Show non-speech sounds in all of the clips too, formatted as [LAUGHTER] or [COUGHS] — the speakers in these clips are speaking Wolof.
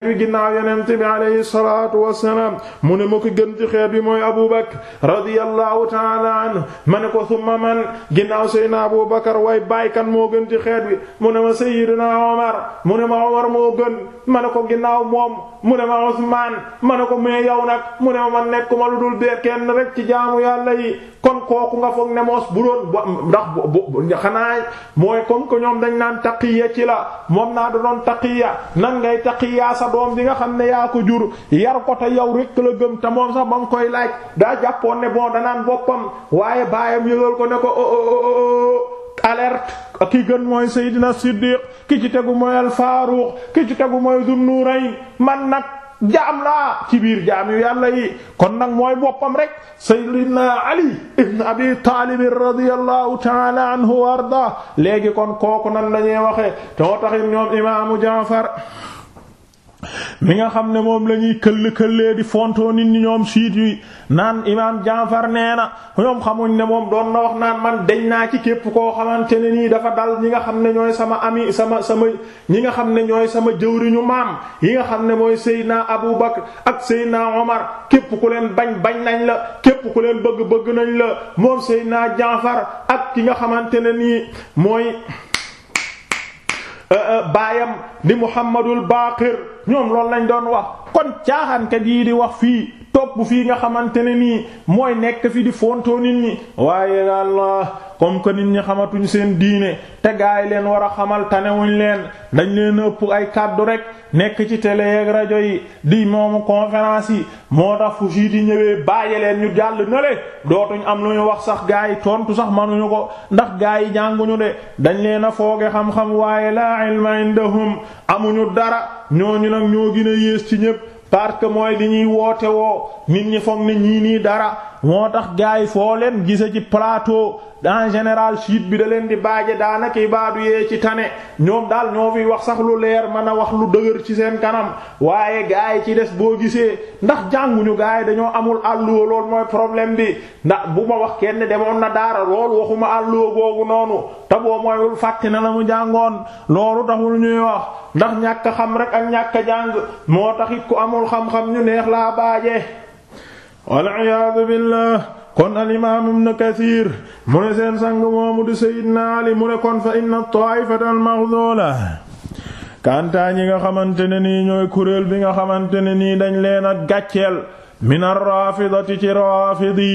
bi ginnaaw yonent bi alayhi salaatu wassalaam mu ne ma ko gën ci xeet bi mooy Abu Bakr radiyallahu ta'ala anhu ma ne ko summa man ginnaaw Seydina Abu Bakr way baykan moo gën ci xeet bi mu ne ma Seydina Omar mu ne ma Omar moo gën ma ne ko ginnaaw moom mu ne ma Usmaan ma ne ko mais yow nag mu ne ma man nekkuma lu dul bee kenn rek ci jaamu yàlla yi kon kooku nga foog ne moos bu doon ndax bu xanaa mooy comme que ñoom dañ naan taqiya ci la moom naa doom ji nga xam ne yaa ko jur yar ko te yow rek la gëm te moom sax koy laaj daa jàppoon ne bon naan boppam waaye baayam yëgal ko ne ko oh, oh, oh, alerte ki gën mooy Seydina Siddiq ki ci tegu mooy al Faaruq ki tegu mooy Dun Nurayn man nag jaam laa ci biir jaam yu yàlla yi kon nag mooy boppam rek Seydina Ali ibn Abi Taalib radiyallahu ta'ala anhu wa arda kon kooku nan la ñuy too taxit ñoom imaamu Jaafar mi nga xam ne moom lañuy ñuy këll-këllee di fontoo nit ñi ñoom siit yi naan imaam Jaafar nee na ñoom xamuñ ne moom doon na wax naan man deñ naa ci képp koo xamante ne nii dafa dal ñi nga xam ne ñooy sama ami sama sama ñi nga xam ne ñooy sama jëwriñu maam yi nga xam ne mooy naa Abu Bakr ak Seydina Omar képp ku leen bañ bañ nañ la képp ku leen bëgg bëgg nañ la moom naa Jaafar ak ki nga xamante ne nii mooy [LAUGHS] Eh, eh, baayam di Muhammadul Baqir ñoom loolu lañ doon wax kon caaxaankat yii di wax fii topp fii nga xamante ne nii mooy nekk fi di fontoo nit ñi waaye Allah comme que nit ñi xamatuñ seen diine te gaay leen war a xamal tanewuñ leen dañ leen ëpp ay kàddu rek nekk ci tele yeeg rajo yi di moomu conférence yi moo tax fu sii di ñëwee bàyyi leen ñu jàll nale dootuñ am lu ñu wax sax gaay yi tontu sax manuñu ko ndax gaay yi jànguñu de dañ leen a fooge xam-xam waaye laa ilma indahum amuñu dara ñooñu nag ñoo gën a yées ci ñépp parce que mooy li ñuy woote woo nit ñi foog ne ñii nii dara moo tax gaay foo leen gise ci plateau en général chiite bi da leen di baaje daanaka baadu yee ci tane ñoom daal ñoo fi wax sax lu leer mën a wax lu dëgër ci seen kanam waaye gaa yi ci des boo gisee ndax jànguñu gaa yi dañoo amul àlluwa lool mooy problème bi ndax bu ma wax kenn demoon na daara lool waxuma àlluwa googu noonu te boo mooyul na la mu jàngoon loolu taxul ñuy wax ndax ñàkk a xam rek ak ñàkk jàng moo taxit ku amul xam-xam ñu neex laa baaje wal iyaadu billah kon al imaam ibn Kathir mu ne seen sang moomu di Seydina Ali mu ne kon fa inna at-taa'ifata al-maghzuula nga xamante ne nii ñooy kuréel bi nga xamante ne nii dañ leen a gàcceel min ar-raafidati ci raafidi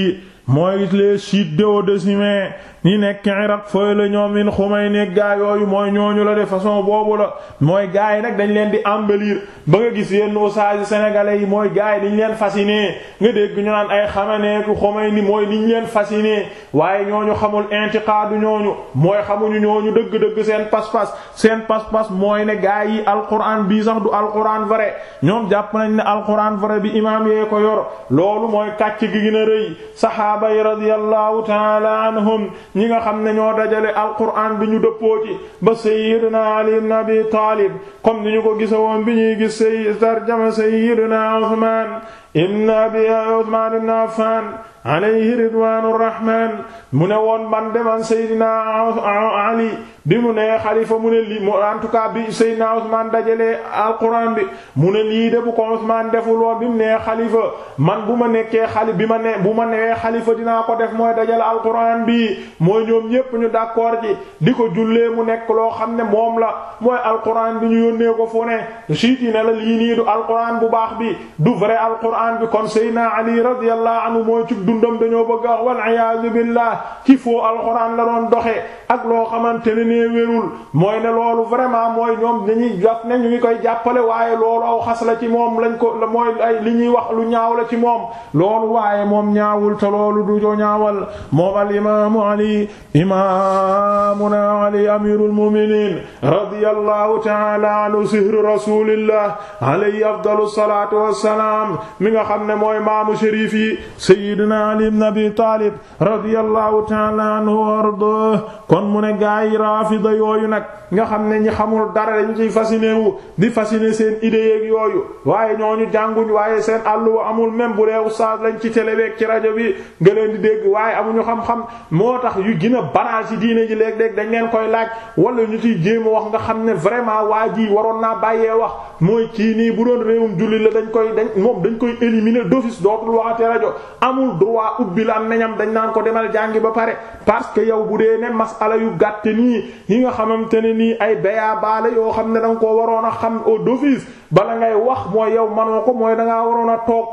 mooy les chiites duodécimains ñi nekk Iraq fooy la ñoom in Khomeini ak gaa yooyu mooy ñooñu la de façon boobu la mooy gaa yi nag dañ leen di embellir ba nga gis yenn oustaz sénégalais yi mooy gaa yi dañ leen fasciné nga dégg ñu naan ay xamaneeku Khomeini mooy niñ leen fasciné waaye ñooñu xamul intiqaadu ñooñu mooy xamuñu ñooñu dëgg-dëgg seen pas-pas seen pas-pas mooy ne gaa yi alquran bii sax du alquran vrai ñoom jàpp nañ ne alquran vrai bi imaam yee ko yor loolu mooy kàcc gi gën a rëy ñi nga xam ne ñoo dajale alquran bi ñu dëppoo ci ba sayyidina ali ibn abi taalib comme ni ñu ko woon bi ñuy gis say tarjama sayyidina usman ibn abi Usmaan ibn Affaan alayhi ridwaanu rahmaan mu ne woon man deman Seydina Ali bi mu nee xalifa mu ne lii mu en tout cas bi Seydina Usmaan dajalee alquran bi mu ne lii de bu ko Usmaan deful bi mu nee xalifa man bu ma nekkee xali bi ma ne bu ma newee xalifa dinaa ko def mooy dajale alquran bi mooy ñoom ñépp ñu d'accord ci di ko jullee mu nekk loo xam ne moom la mooy alquran bi ñu yónnee ko fu ne siiti la lii nii du alquran bu baax bi du vrai alquran alquran bi kon Seydina Ali radiyallahu anhu mooy ci dundam dañoo bëgg a wax wal iyaazu billah ci foo alquran la doon doxee ak loo xamante ne nee wérul mooy ne loolu vraiment mooy ñoom dañuy jàpp ne ñu ngi koy jàppale waaye loolu aw xas ci moom lañ ko mooy li ñuy wax lu ñaaw la ci moom loolu waaye moom ñaawul te loolu du ko ñaawal moom al imaamu ali imaamuna ali amirul mu'minin radiyallahu ta'ala anhu sihru rasulillah alayhi afdalu salatu wassalam mi nga xam ne mooy maamu sharif yi sayyidina ali ibn abi talib radiyallahu ta'ala anhu ardaah kon mu ne gaa yi raafida yooyu nag nga xam ne ñi xamul dara dañu ciy fasciné wu di fasciné seen idée yeeg yooyu waaye ñooñu jànguñ waaye seen àll wa amul même bu dee oustaz lañ ci télé beeg ci rajo bi nga leen di dégg waaye amuñu xam-xam moo tax yu gën a banal ci diine ji léeg-léeg dañ leen koy laaj wala ñu ciy jéem a wax nga xam ne vraiment waa ji waroon naa bàyyee wax mooy kii nii bu doon réewum julli la dañ koy dañ moom dañ koy éliminer d'office dootul la am nañam dañ naan ko demal jàngi ba pare parce que masala yu gàtte nii yi nga xamante ne nii ay bayaa baale yoo xam ne da ko waroon a xam au d'office bala ngay wax mooy yow manoo ko mooy dangaa waroon a toog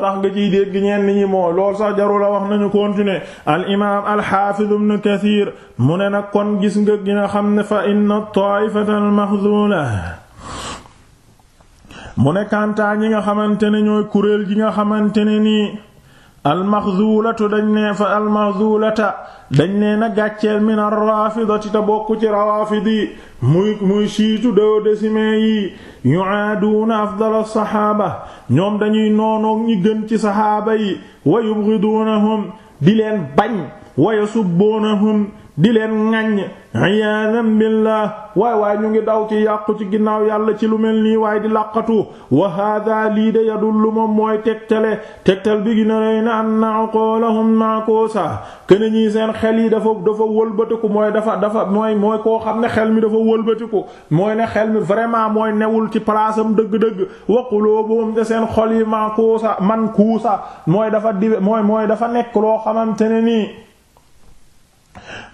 tax nga ciy dégg ñenn ñi moo sax jarul wax nañu continuer al imaam al mu ne nag kon gis nga gi nga xam ne fa inna taifata al mahzula mu ne kantaa ñi nga xamante ne ñooy kuréel gi nga xamante ne nii almaxduulatu dañ nee fa almaxduulata dañ nee na gàcceel min arraafidati te bokk ci rawaafidi muy muy siitu doo décimé yi yuaaduuna afdal saxaaba ñoom dañuy noonoog ñi gën ci saxaaba yi wa yubghiduunahum di dileen bañ wa yasubbuunahum di leen ŋàññ iyaadam billah waay waay ñu ngi daw ci yàqu ci ginnaaw yàlla ci lu mel nii waaye di làqatu wa lii de yadullu moom mooy tegtale tegtal bi gina rey na anna uqulahum makosa kene ñii seen xel yi dafa dafa wëlbatiku mooy dafa dafa mooy mooy koo xam ne xel mi dafa wëlbatiku mooy ne xel mi vraiment mooy newul ci palaasam dëgg-dëgg wa qulubuhum te seen xol yi makosa man kuusa mooy dafa di mooy mooy dafa nekk loo xamante ne nii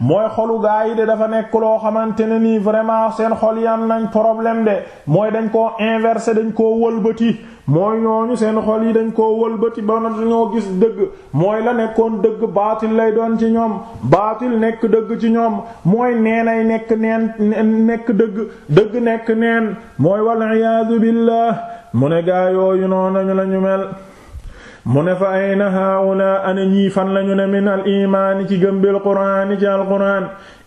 mooy xolu gaa yi de dafa nekk loo xamante ne nii vraiment seen xol yi am nañ problème de mooy dañ koo inversé dañ koo wëlbati mooy ñooñu seen xol yi dañ koo wëlbati ba dañoo gis dëgg mooy la nekkoon dëgg baatil lay doon ci ñoom baatil nekk dëgg ci ñoom mooy neenay nekk neen nekk dëgg dëgg nekk neen mooy wal iyaadu billah mu ne gaa yooyu noonu lañu mel mu ne fa ayna haula ana ñii fan lañu ne min al ci gëmbil quraan ci al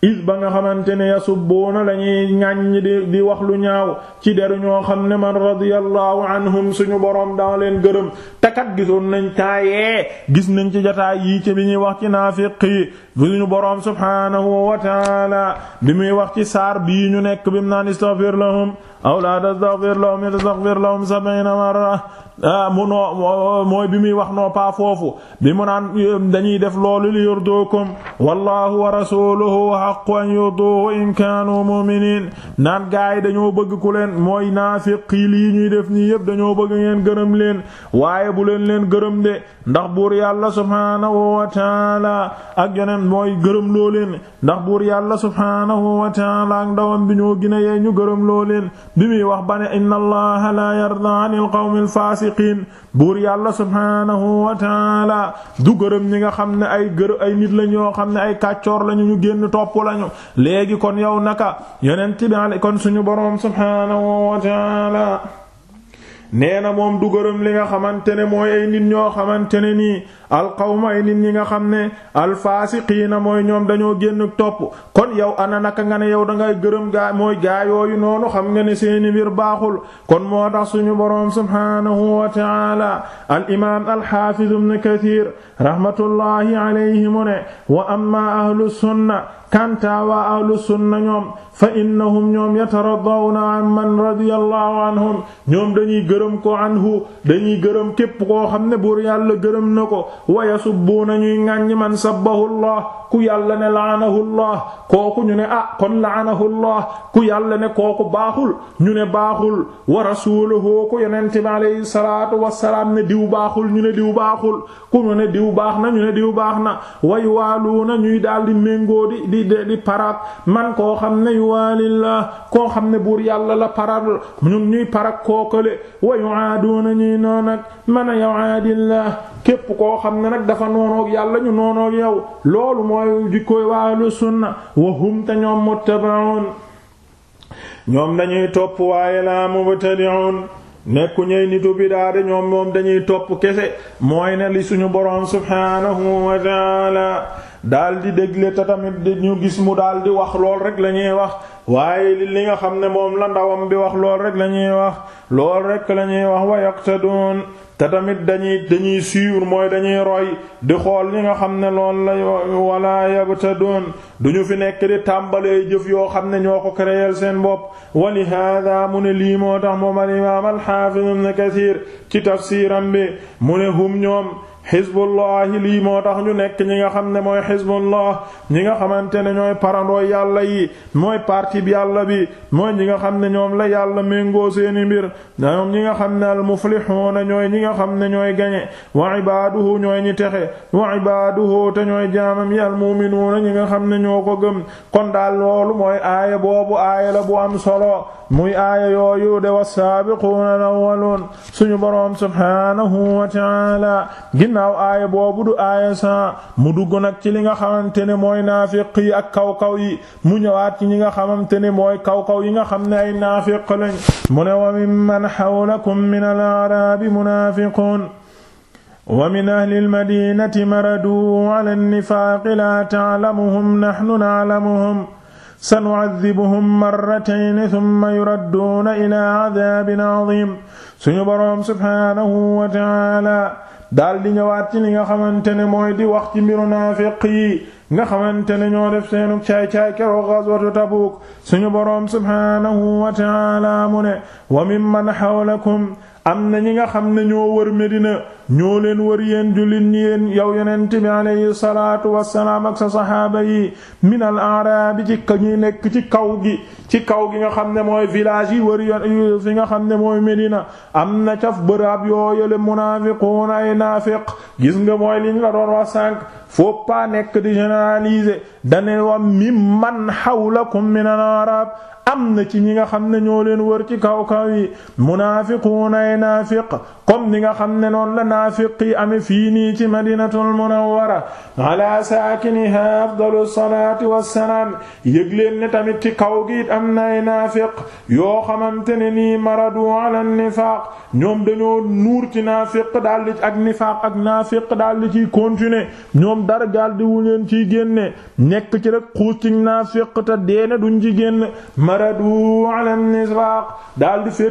is ba nga xamante ne yasubbuuna lañuy ñàññ di di wax lu ñaaw ci deru ñoo xam ne man radiyallahu anhum suñu boroom daa leen gërëm takat gisoon nañ taayee gis nañ ci jotaay yii ci bi ñuy wax ci naafiqi suñu boroom subhaanahu wa taala bi muy wax ci saar bii ñu nekk bi mu naan istaghfir lahum aw la tastaghfir lahum tastaghfir lahum sab'ina marra Ah, mu noo mooy bi muy wax noo paa foofu bi mu naan dañuy def loolu li yurdukum wallahu wa rasuluhu haqqu an yurduhu in kaanu mu'minin naan gaay dañoo bëgg ku leen mooy naafiq yi lii ñuy def ñi yépp dañoo bëgg ngeen gërëm leen waaye bu leen leen gërëm de ndax buur yàlla subhaanahu wa taala ak yeneen mooy gërëm loo leen ndax buur yàlla subhaanahu wa taala ak ndawam bi ñoo gina yee ñu gërëm loo bi muy wax ba inna allaha la yarda anil qawmil faasiqiin fasiqiin buur yàlla subhaanahu wa taala du gërëm ñi nga xam ne ay gër ay nit lañ yoo xam ne ay kàccoor lañu ñu génn topp lañu léegi kon yow naka yonent bi kon suñu boroom subhaanahu wa taala nee na moom du gërëm li nga xamante ne mooy ay nit ñoo xamante ne nii alqawma ay nit ñi nga xam ne alfaasiqiina mooy ñoom dañoo génn topp kon yow ana naka nga ne da ngay gërëm gaa mooy gaa yooyu noonu xam nga ne seeni mbir baaxul kon moo tax suñu boroom subhaanahu wa taala al imaam alxaafiz ibn kathir rahmatullahi alayhi ne wa amma ahlu sunna kanta waa ahlu sunna ñoom fa innahum ñoom yataradawna an man radiyallahu anhum ñoom dañuy gërëm ko anhu dañuy gërëm képp koo xam ne buur yàlla gërëm na ko wa yasubbuuna ñuy ŋàññi man sabbahu llah ku yàlla ne laanahu llah kooku ñu ne a ah, kon laanahu llah ku yàlla ne kooku baaxul ñu ne baaxul wa rasuluhu ku yonente bi alayhi salaatu wassalaam ne diw baaxul ñu ne diw baaxul ku ñu ne diw baax na ñu ne diw baax na way waaluuna ñuy daldi méngoo di de di parak man koo xam ne yuwaalillah koo xam ne buur yàlla la paral ñun ñuy parak kookale wa yuaaduuna ñuy noon ak man a yuaadillah képp koo xam ne nag dafa noonoog yàlla ñu noonoog yow loolu mooy jikkoy waalu sunna wa hum te ñoom muttabaun ñoom dañuy topp waaye la mubtadi'un nekku ñey nitu bidaa de ñoom moom dañuy topp kese mooy ne li suñu boroom subhaanahu wa ta'ala daal di dégle te tamit di ñu gis mu daal di wax lool rek la ñuy wax waaye li li nga xam ne moom la ndawam bi wax lool rek la ñuy wax lool rek lañuy ñuy wax wa yaqtadun te tamit dañuy dañuy suivre mooy dañuy roy di xool li nga xam ne lool la wala yabtadun du ñu fi nekk di tàmbalee jëf yoo xam ne ñoo ko créer seen bopp walihada mu ne lii moo tax moom al imaam al xaafis ibn Kasiir ci tafsiram bi mu ne hum ñoom xisbullahi lii moo tax ñu nekk ñi nga xam ne mooy xisbullah ñi nga xamante ne ñooy parandooy yàlla yi mooy parti bi yàlla bi mooy ñi nga xam ne ñoom la yàlla méngoo seeni mbir ñoom ñi nga xam ne al muflixuuna ñooy ñi nga xam ne ñooy gañe wa ibaaduhu ñooy ñi texe wa ibaaduhu te ñooy jaamam yi al muminuuna ñi nga xam ne ñoo ko gëm kon daal loolu mooy aaya boobu aaya la bu am solo muy aaya yooyu de wasaabiquuna al awwaluun suñu boroom subhaanahu wa ginnaaw aaya boobu du aaya san mu dugg nag ci li nga xamante ne mooy naafiq yi ak kaw-kaw yi mu ñëwaat ci ñi nga xamante ne mooy kaw-kaw yi nga xam ne ay naafiq lañ mu ne wa mimman hawlakum min al-a'raabi munaafiquun wa min ahli almadinati maraduu ala annifaaqi laa taalamuhum naxnu naalamuhum sanucadibuhum marratayni summa yuradduuna ilaa cadaabin cadiim suñu boroom subhaanahu wa taala daal di ñëwaat ci li nga xamante ne mooy di wax ci mbiru naafiq yi nga xamante ne ñoo def seenu caay-caay keroog ghazwatu Tabuk suñu boroom subhaanahu wa ta'ala mu ne wa mimman hawlakum am na ñi nga xam ne ñoo wër Medina ñoo leen wër yéen jullit ñi yéen yow yonent bi alayhi salaatu wassalaam ak sa saxaaba yi min al arabi ci ñuy nekk ci kaw gi ci kaw gi nga xam ne mooy village yi wër yoon fi nga xam ne mooy Medina am na caf bërab yoo yële munaafiquun ay naafiq gis nga mooy liñ la doon wax sànq faut pas nekk di généraliser dane wa mimman hawlakum min al arab am na ci ñi nga xam ne ñoo leen wër ci kaw kaw yi munaafiquun ay naafiq comme ni nga xam ne noonu la munaafiq yi ame fii nii ci madinatul munawwara ala saakiniha afdalu salaati wassalaam yëg ne tamit ci kaw gi am na ay naafiq yoo xamante ne nii maradu ala nifaaq ñoom dañoo nuur ci naafiq daal di ak nifaaq ak naafiq daal di ciy ñoom dara daal di wu nekk ci rek xuus ci naafiq te deene du ci génn maradu ala nifaaq daal di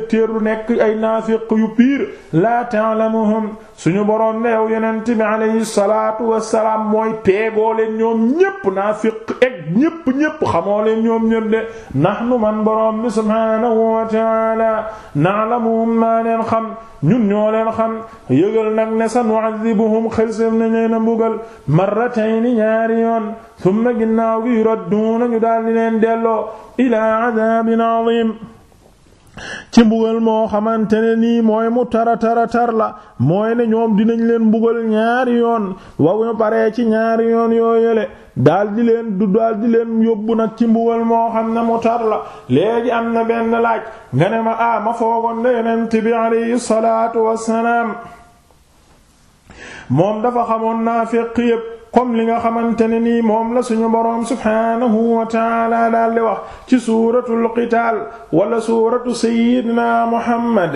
nekk ay naafiq yu piir la ta'lamuhum suñu boroom neew yonent bi alayhi salaatu wassalaam mooy peegoo leen ñoom ñépp naafiq ak ñépp ñépp xamoo leen ñoom ñépp de nahnu man boroom bi subhaanahu wa ta'ala na'lamuhum maa leen xam ñun ñoo leen xam yëgal nag ne sa nu'adhibuhum xelséef nañ leen a mbugal marratayni ñaari yoon thumma ginnaaw gi yuradduuna ñu daal di leen delloo ilaa 'adhaabin 'adhiim ci mbugal moo xamante ne nii mooy mu tara tara tar la mooy ne ñoom dinañ leen mbugal ñaari yoon waw paree ci ñaari yoon yoo yele daal leen du daal leen yóbbu nag ci mbugal moo xam ne mu tar la léegi am na benn laaj nga ne ma ah foogoon ne yonent bi alayhi salaatu wassalaam moom dafa xamoon naafiq yépp comme li nga xamante ne nii moom la suñu boroom subhaanahu wa taala daal di wax ci suuratul qitaal wala suuratu sayyidina muhammad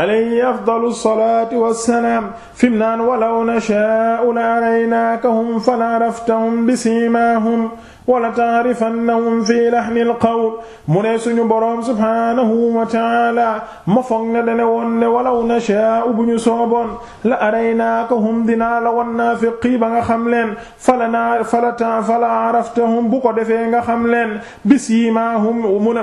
alayhi afdalu salaati wassalaam fim naan walaw nashaa'u la araynaakahum fala raftahum bisimaahum wala ta'rifannahum fi lahnil qawl mu ne suñu boroom subhaanahu wa taala ma foog ne dane woon ne walaw nashaa'u bu ñu sooboon la araynaakahum dinaa la wan naafiqi ba nga xam leen fala naa fala ta fala araftahum bu ko defee nga xam leen bisiimaahum mu ne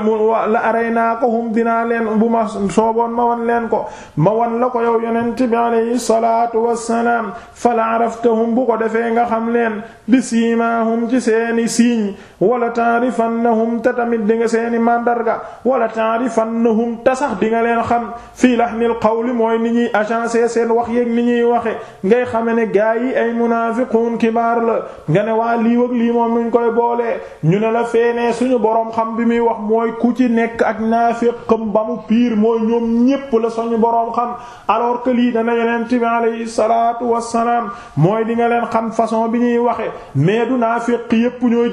la araynaakahum dinaa leen bu ma soobon ma wan leen ko ma wan la ko yow yonent bi alayhi salaatu wassalaam fala araftahum bu ko defee nga xam leen bisiimaahum ci seeni siiñ wala taarifannahum te tamit di nga seeni màndarga wala taarifannahum te sax di nga leen xam fii lahnil li mooy ni ñuy agencé seen wax yeeg ni ñuy waxe ngay xame ne gaa yi ay munaafiquun kibaar la nga ne waa lii ak lii moom nuñ koy boolee ñu ne la feenee suñu boroom xam bi muy wax mooy ku ci nekk ak naafiqam ba mu piir mooy ñoom ñépp la suñu boroom xam alors que lii dana yonent bi alayhi salaatu wassalaam mooy di nga leen xam façon bi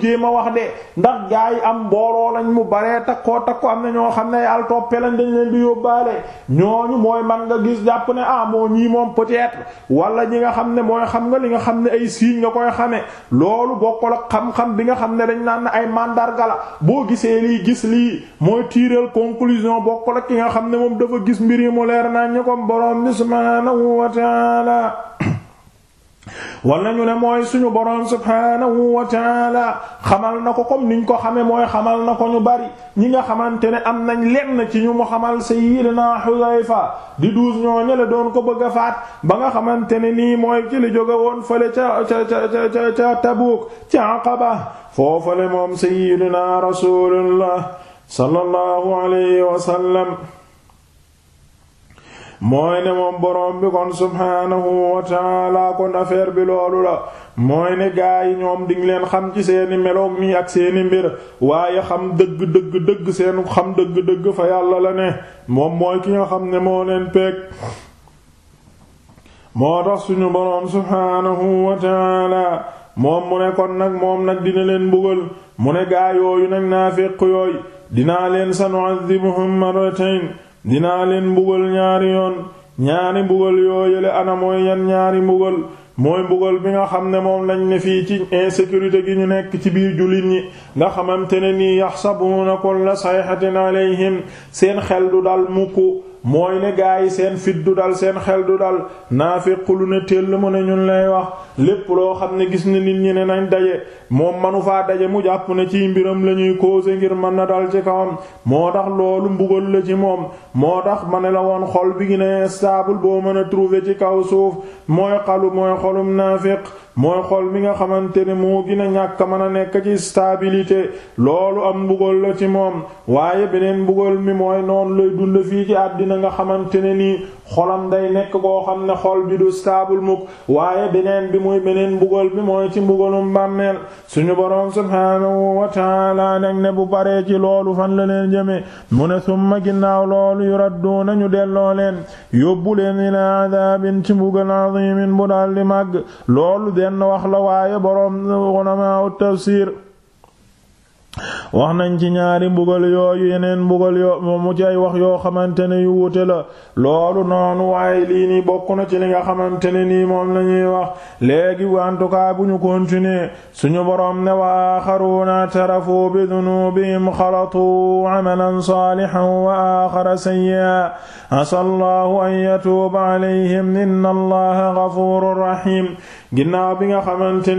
jéem a wax de ndax gaa yi am mbooloo lañ mu baree takkoo takko am na ñoo xam ne yàlla toppee lañ dañ leen di yóbbaale ñooñu mooy man nga gis jàpp ne ah ñii moom peut-être wala ñi nga xam ne mooy xam nga li nga xam ne ay signes nga koy xamee loolu bokkul ak xam-xam bi nga xam ne dañ naan ay mandarga la boo gisee lii gis lii mooy tirer conclusion bokkul ak ki nga xam ne moom dafa gis mbir yi mu leer naa ñu ko borom subhanahu wa ta'ala wala ñu ne mooy suñu boroom subhanahu wa taala xamal na ko comme niñ ko xame mooy xamal na ko ñu bari ñi nga xamante ne am nañ lenn ci ñu mu xamal sayyidina Hudayfa di douze ñoo ñele doon ko bëgg a faat ba nga xamante ne nii mooy ci li jóge woon fële ca ca ca ca Tabuk ca Aqaba foofale moom sayyidina rasulullah sallallahu alayhi wa sallam mooy ne moom borom bi kon subhaanahu wa kon affaire bi loolu la mooy ne gaa yi ñoom dinga leen xam ci seeni meloog nii ak seeni mbir waaye xam dëgg dëgg dëgg seen xam dëgg dëgg fa yàlla la ne moom mooy ki nga xam ne moo leen peeg moo tax suñu boroom subhaanahu wa taala moom mu ne kon nag moom nag dina leen mbugal mu ne gaa yooyu nag naa fekk yooyu dinaa leen sa nu'adhibuhum marratayn dinaa leen mbugal ñaari yoon ñaari mbugal yoo ana mooy yan ñaari mbugal mooy mbugal bi nga xam ne moom lañ ne fii ci insécurité gi ñu nekk ci biir jullit ñi nga xamante ne nii yaxsabuuna kulla sayhatin alayhim seen xel du dal mukk mooy ne gaa yi seen fit du dal seen xel du dal naafiq lu ne teel mu ne ñun lay wax lépp loo xam ne gis na nit ñi ne nañ daje moom manu faa daje mu jàpp ne ciy mbiram la ñuy causer ngir mën na dal ci kawam moo tax loolu mbugal la ci moom moo tax ma ne la woon xol bi gi ne boo mën a trouver ci kaw suuf mooy xalu mooy xolum naafiq mooy xol mi nga xamante ne moo gën ñàkk mën a nekk ci stabilité loolu am mbugal la ci moom waaye beneen mbugal mi mooy noonu lay dund fii ci àddina nga xamante ne nii xolam day nekk koo xam ne xol bi du staabul mukk waaye beneen bi muy beneen mbugal bi mooy ci mbugalum bàmmeel suñu boroom subhaanahu wa taala nag ne bu paree ci loolu fan la leen jëmee mu ne summa ginnaaw loolu yuradduuna ñu delloo leen yóbbu leen ilaa adaabin ci mbugal azimin bu daldi màgg loolu denn wax la waaye boroom ulama tafsir wax nañ ci ñaari mbugal yooyu yeneen mbugal yoo mu ci ay wax yoo xamante ne yu wute la loolu noonu waaye lii nii bokk na ci li nga xamante ne nii moom la ñuy wax léegi en tout cas bu ñu continuer suñu boroom ne wa axaruuna tarafu bi dunubihim xalatu amalan saalihan wa axara sayyi'an asa allahu an yatuuba alayhim inna allaha gafuurun rahim ginnaaw bi nga xamante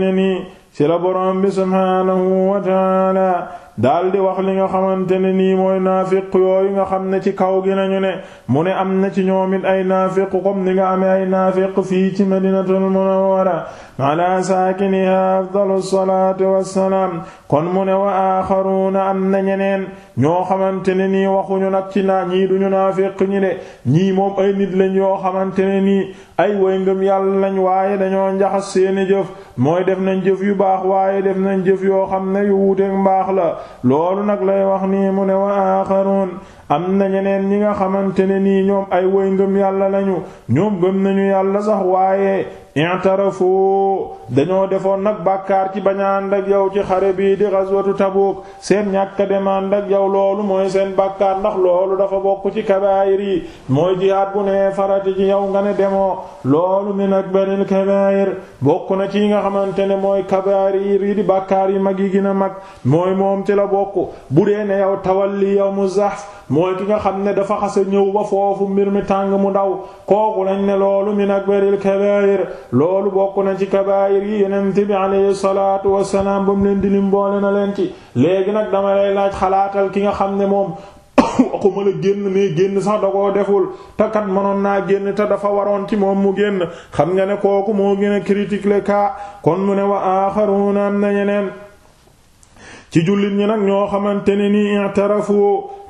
ci la borom bi subhaanahu wa taala daal di wax li nga xamante ne nii mooy naafiq yooyu nga xam ne ci kaw gi nañu ne mu ne am na ci ñoom it ay naafiq comme ni nga amee ay naafiq fii ci madinatul munawwara ala saakiniha afdalu salaati wassalaam kon mu ne wa aaxaruuna am na ñeneen ñoo xamante ne nii waxuñu nag ci naa ñii duñu naafiq ñi de ñii moom ay nit lañ yoo xamante ne nii ay way ngëm yàlla lañ waaye dañoo njaxas seeni jëf mooy def nañ jëf yu baax waaye def nañ jëf yoo xam ne yu wuuteek mbaax la loolu nag lay wax nii mu ne waa aaxaroon am na ñeneen ñi nga xamante ne nii ñoom ay woy ngëm yàlla lañu ñoom gëm nañu yàlla sax waaye i'tarafu dañoo defoon nag bàkkaar ci bañ a ànd yow ci xare bii di ghazwatu Tabuk seen ñàkk a dem ànd yow loolu mooy seen bàkkaar ndax loolu dafa bokk ci kabaayir yi mooy jihaad bu ne farati ci yow nga ne demoo loolu min akbaril kabaayir bokk na ci nga xamante ne mooy kabaayir yi di bàkkaar yi mag yi gën a mag mooy moom ci la bokk bu dee ne yow tawalli yawmu zahf mooy ki nga xam ne dafa xasa ñëw ba foofu mbir mi tàng mu daw kooku nañ ne loolu min akbaril kabaayir loolu bokk na ci kabaayir yi yeneen bi alayhi salaatu wassalaam ba leen di lim boole na leen ci léegi nag dama lay laaj xalaatal ki nga xam ne moom [COUGHS] waxuma génn mais génn sax da deful te kat mënoon naa génn te dafa waroon ci moom mu génn xam nga ne kooku moo gën a critique le kon mu ne wa aaxaruuna am na ñeneen ci jullit ñi nag ñoo xamante ne nii i'tarafu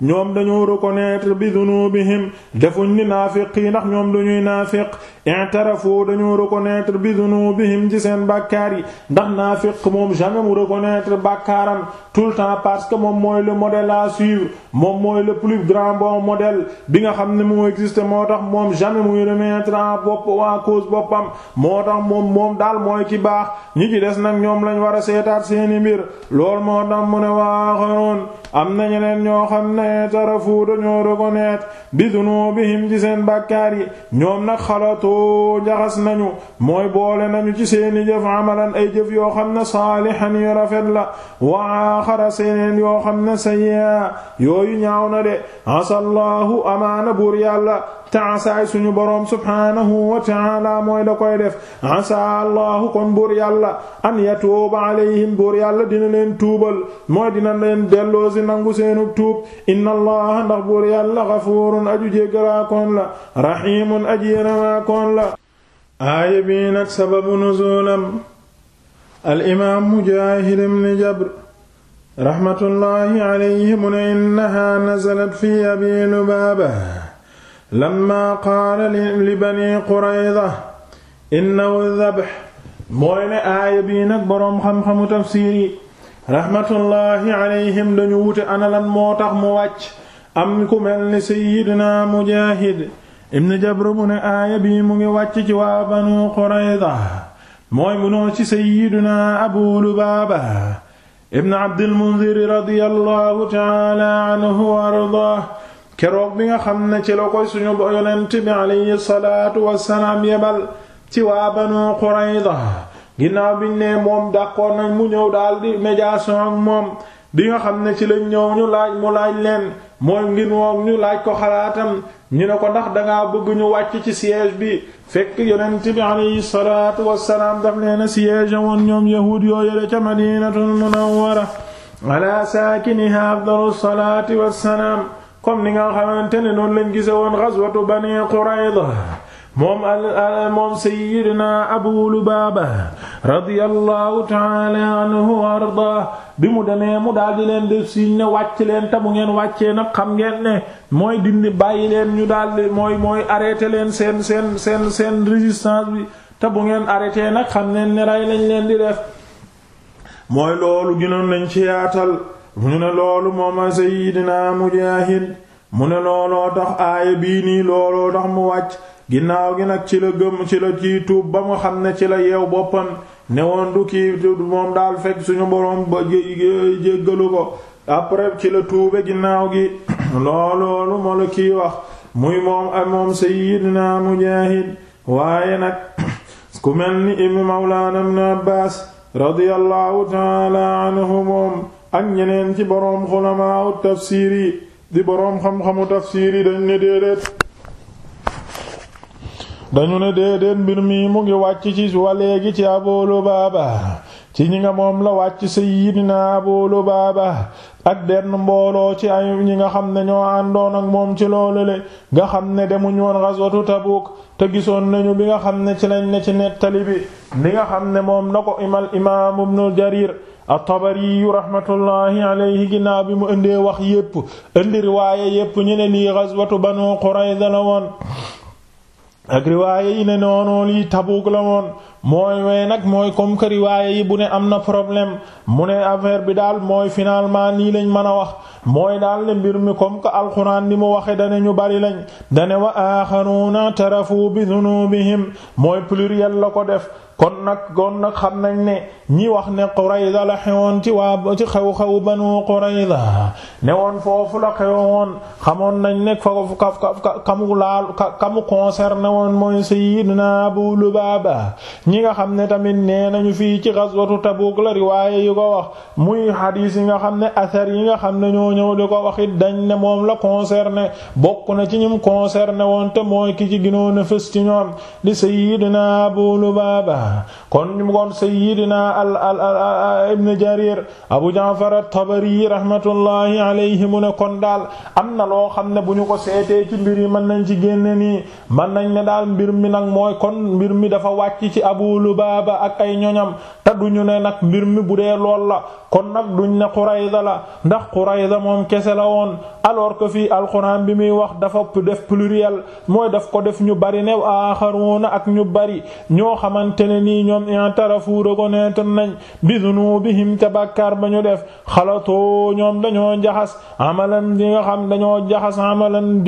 ñoom dañoo reconnaître bi dunubihim defuñ ni naafiq yi ndax ñoom dañuy naafiq i'tarafu dañoo reconnaître bi dunubihim ci seen bàkkaar yi ndax naafiq moom jamais mu reconnaître bàkkaaram tout le temps parce que moom mooy le modèle à suivre moom mooy le plus grand bon modèle bi nga xam ne moo existe moo tax moom jamais muy remettre en bopp en cause boppam moo tax moom moom daal mooy ki baax ñi ci des nag ñoom lañ war a seetaat seeni mbir lool moo tax mu ne waaxaroon am na i'tarafu dañoo reconnaître bi dunubihim ci seen bàkkaar yi ñoom nag xalatoo njaxas nañu mooy boole nañu ci seeni jëf amalan ay jëf yoo xam ne saalihan yu rafet la wa axara seeneen yoo xam ne sayyi'a yooyu ñaaw na de asallahu amaana buur yàlla te asaay suñu boroom subhaanahu wa ta'ala mooy da koy def asaa allahu kon buur yàlla an yatuuba alayhim buur yàlla dina leen tuubal mooy dina leen delloosi nangu seenu tuub inna allaha ndax buur yàlla gafuurun aju jéggalaa koon la rahimun aji yénamaa koon la aaya bii nag sababu nuzulam al imaam mujaahid ibn jabr raxmatullaahi alayhi mu ne innahaa nazalat fi abi lubaaba lamma qaala li bani qurayda innahu dabh mooy ne aaya bii nag boroom xam-xamu tafsiir yi rahmatullahi alayhim dañu wute ana lan moo tax mu wàcc am ku mel ni sayyidina mujaahid ibn jabr mu ne aaya bii mu ngi wàcc ci waa banu qurayda mooy mu noo ci sayyidina abu lubaaba ibn abdil munzir radiyallahu ta'ala anhu wa ardaahu keroog bi nga xam ne ci la koy suñu yonent bi alayhi salaatu wassalaam yebal ci waa Banu Qurayza ginnaaw bi ne moom d'accord nañ mu ñëw daal di médiation moom bi nga xam ne ci lañ ñëw ñu laaj mu laaj leen mooy ngir woom ñu laaj ko xalaatam ñu ne ko ndax dangaa bëgg ñu wàcc ci siège bi fekk yonent bi alayhi salaatu wassalaam daf leen siège woon ñoom yahuud yooyu ca Madinatul Munawwara ala saakiniha salaati wassalaam comme ni nga xamante ne noonu lañ gise woon ghazwatu bani qurayza moom al moom sayyidina abu lubaaba radiyallahu taala anhu wa arda bi mu demee mu daal di leen def siñ ne wàcc leen te bu ngeen wàccee nag xam ngeen ne mooy dindi bàyyi leen ñu daldi mooy mooy arrêté leen seen seen seen seen résistance bi te bu ngeen arrêté nag xam ngeen ne rey lañ leen di def mooy loolu gënoon lañ ci yaatal mu ne loolu mooma sayyidina mujaahid mu ne looloo tax aaya bii nii looloo tax mu wàcc ginnaaw gi nag ci la gëm ci la ciy tuub ba mu xam ne ci la yeew boppan ne woon du kii moom daal fekk suñu boroom ba jéggalu ko après ci la tuube ginnaaw gi [COUGHS] looloolu moo la kii wax muy moom ak moom sayyidina mujaahid waaye nag [COUGHS] ku mel ni ibnu mawlaana ibnu abbaas radiyallahu taala moom ak ñeneen ci boroom xulamaa tafsiir di boroom xam-xamu tafsiir yi dañu ne déedéet dañu ne déedéet mbir mi mu ngi wàcc ci waleegi ci Abu Lubaaba ci ñi nga la wàcc sayyidina Abu Lubaaba baaba benn mbooloo ci ay ñi nga xam ne ñoo àndoon ak moom ci loolu le nga xam ne demuñu woon ghazwatu Tabuk te gisoon nañu bi nga xam ne ci lañ ne ci nettali bi li nga xam ne moom na ko imal imaam Ibnu Jarir at-Tabari rahmatullahi alayhi ginnaaw bi mu indee wax yépp indi riwaaya yépp ñu ne lii ghazwatu Banu Qurayza la woon ak riwaaya yi ne noonu lii Tabuk la woon mooy wee nag mooy comme que riwaaye yi bu ne am na problème mu ne affaire bi daal mooy finalement nii lañ mën a wax mooy daal ne mbir mi comme que alxuraan ni mu waxe dane ñu bari lañ dane wa axaruuna tarafu bi dunubihim mooy pluriel la ko def kon nag kon nag xam nañ ne ñi wax ne Qurayza la xewoon ci waa ci xew-xew banu Qurayza ne woon foofu la xewoon xamoon nañ ne fa ka kamu laal kamu concerné woon mooy Sayyidina Abu Lubaba ñi nga xam ne tamit nee nañu fii ci ghazwatu Tabuk la riwaaye yi ko wax muy hadis yi nga xam ne asar yi nga xam ne ñoo ñëw di ko wax it dañ ne moom la concerné bokk na ci ñim concerné woon te mooy ki ci ginoon a fës ci ñoom di sayyidina Abu Lubaba kon ñu kon sayyidina al al ibn Jarir Abu Ja'far at-Tabari rahmatullahi alayhi mu ne kon daal am na loo xam ne bu ñu ko seetee ci mbir yi mën nañ ci génne nii man nañ ne daal mbir mi nag mooy kon mbir mi dafa abu lubaaba ak ay ñoñam te duñu ne nag mbir mi bu dee lool la kon nag duñ ne Qurayza la ndax Qurayza moom kese la woon alors que fii alxuraan bi muy wax dafa def pluriel mooy daf ko def ñu bari new na ak ñu bari ñoo xamante ne nii ñoom i'tarafu reconnaître nañ bi dunubihim ca bàkkaar ba ñu def xalatoo ñoom dañoo njaxas amalan di nga xam dañoo jaxas amalan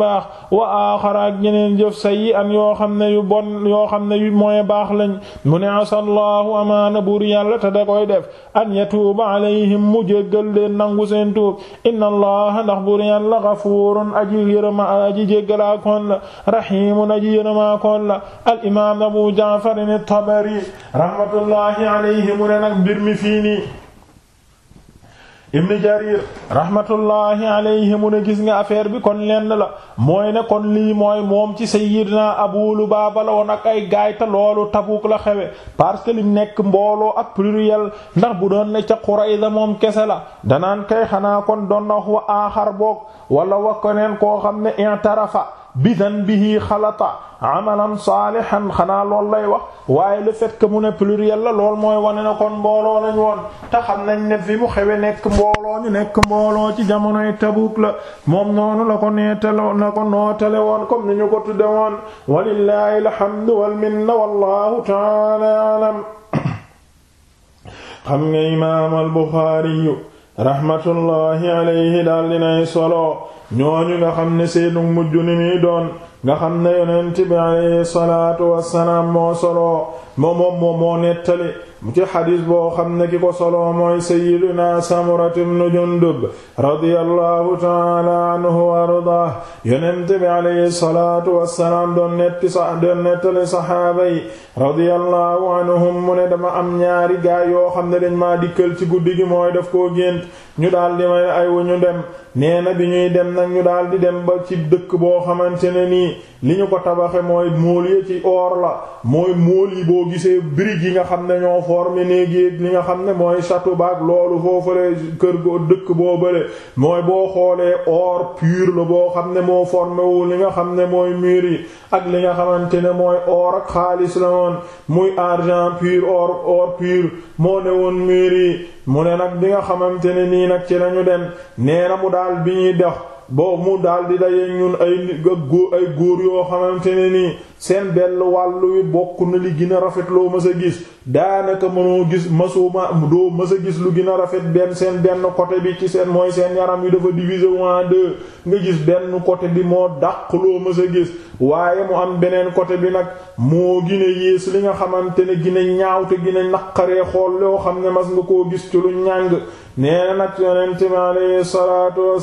baax wa aaxara ak ñeneen jëf sayyi'an yoo xam ne yu bon yoo xam xam ne yu mooy baax lañ mu ne asallahu amaana buur yàlla te da koy def an yatuuba alayhim mu jéggal leen nangu seen tuub inna allaha ndax buur yàlla gafuurun aji yërëma aji jéggalaa koon la rahimun aji yërëmaa koon la al imam abu ja'far at-tabari rahmatullahi alayhi mu ne nag mbir mi fii nii ibn jarir rahmatullahi alayhi mu gis nga affaire bi kon lenn la mooy ne kon lii mooy moom ci sayyidina abu lubaaba la woon ak ay gaayta loolu tabuk la xewe parce que li nekk mbooloo ak pluriel ndax bu doon ne ca qurayza moom kese la danaan kay xanaa kon doon na wax wa aaxar boog wala wa ko neen koo xam ne intarafa bi bi danbihi xalata amalan saalihan xanaa lool lay wax waaye le fait que mu ne pluriel la lool mooy wane na kon mbooloo lañ woon te xam nañ ne fi mu xewe nekk mbooloo nekk mbooloo ci jamono jamonoy Tabuk la moom noonu la ko neetale na ko nootale woon comme ni ñu ko tudde woon la alhamdu wal minna wallahu ta'ala alam xam nga imaam al rahmatullahi alayhi daal dinay solo ñooñu nga xam ne seenu mujj ni muy doon nga xam ne yonent bi alayhi salaatu wassalaam moo solo moom moom moom moo nettali mu ci xadis boo xam ne ki ko solo mooy sayyiduna Samura ibn Jundub radiyallahu taala anhu wa ardaah yonent bi alayhi salaatu wassalaam doon netti sa doon nettali saxaaba yi radiyallahu anhum mu ne dama am ñaari gaay yoo xam ne dañ maa dikkal ci guddi gi mooy def koo gént ñu daal di ay wu ñu dem nee na bi ñuy dem nag ñu daal di dem ba ci dëkk boo xamante ne nii li ñu ko tabaxe mooy mool yi ci or la mooy mool yi boo gisee briques yi nga xam ne ñoo formé néegi li nga xam ne mooy château baak loolu foofale kër goo dëkk boo boobale mooy boo xoolee or pur la boo xam ne moo formé wu li nga xam ne mooy mur yi ak li nga xamante ne mooy or ak xaalis la woon muy argent pur or or pur moo ne woon mur yi mu ne nag li nga xamante ne nii nag ci nañu dem nee na mu daal bi ñuy dox bo mu daal di daje ñun ay góor ay góor yoo xamante ni nii seen benn wàll wi bokk na li gën a rafet loo mës a gis daanaka mënoo gis masuma doo mës a gis lu gën a rafet benn seen benn côté bi ci seen mooy seen yaram yu dafa divisé wu en deux nga gis benn côté bi moo daq loo mës a gis waaye mu am beneen côté bi nag moo gën a yées li nga xamante ne gën a ñaaw te gën a naqaree xool loo xam ne mas nga koo gis ci lu ñàng nee na nag yonente mi alayhi salaatu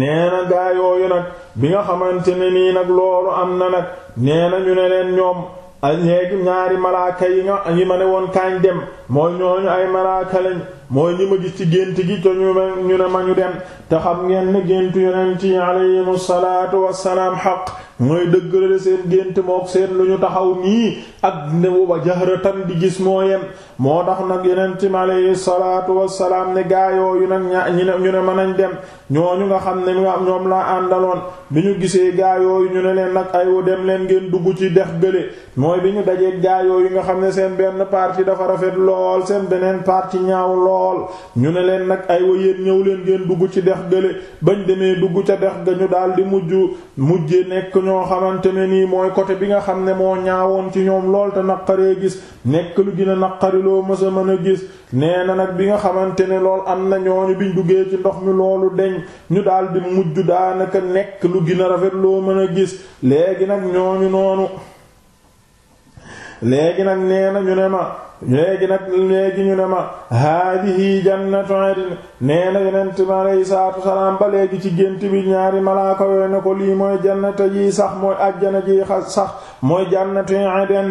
nee na gaa yooyu nag bi nga xamante ne nii nag loolu am na nag nee na ñu ne leen ñoom léegi ñaari malaaka yi nga yi ma ne woon kaañ dem mooy ñooñu ay malaaka lañ mooy ñi ma gis ci gént gi te ñu ne ma ñu dem te xam ngeen ne géntu yonent yi alayhimu salaatu salaam xaq mooy dëgg la seen gént mook seen lu ñu taxaw nii ak new ba jahratan di gis moo yem moo tax nag yeneen ci alayhi salaatu wassalaam ne gaayoo yu nag ña ñu ne ñu ne mën nañ dem ñooñu nga xam ne ñoom laa àndaloon bi ñu gisee gaayooyu ñu ne leen nag ay wa dem leen ngeen dugg ci dex gële mooy bi ñu dajee gaayooyu nga xam ne seen benn parti dafa rafet lool seen beneen parti ñaaw lool ñu ne leen nag ay wa yéen ñëw leen ngeen dugg ci dex gële bañ demee dugg ca dex ga daal di mujj ñoo xamante ne nii mooy côté bi nga xam ne moo ñaawoon ci ñoom lool te naqaree gis nekk lu gën a naqari loo mës a mën a gis nee na nag bi nga xamante ne lool am na bi biñ duggee ci ndox mi loolu deñ ñu daal di mujj daanaka nekk lu gën a rafet loo mën a gis léegi nag ñooñu noonu léegi nag nee na ñu ne ma léegi nag léegi ñu ne ma haadihi jannatu adn nee na yonent mi aleyhi salaatu salaam ba léegi ci gént bi ñaari malaaka yooyu ne ko lii mooy jannata ji sax mooy ajjana ji sax mooy jannatu aden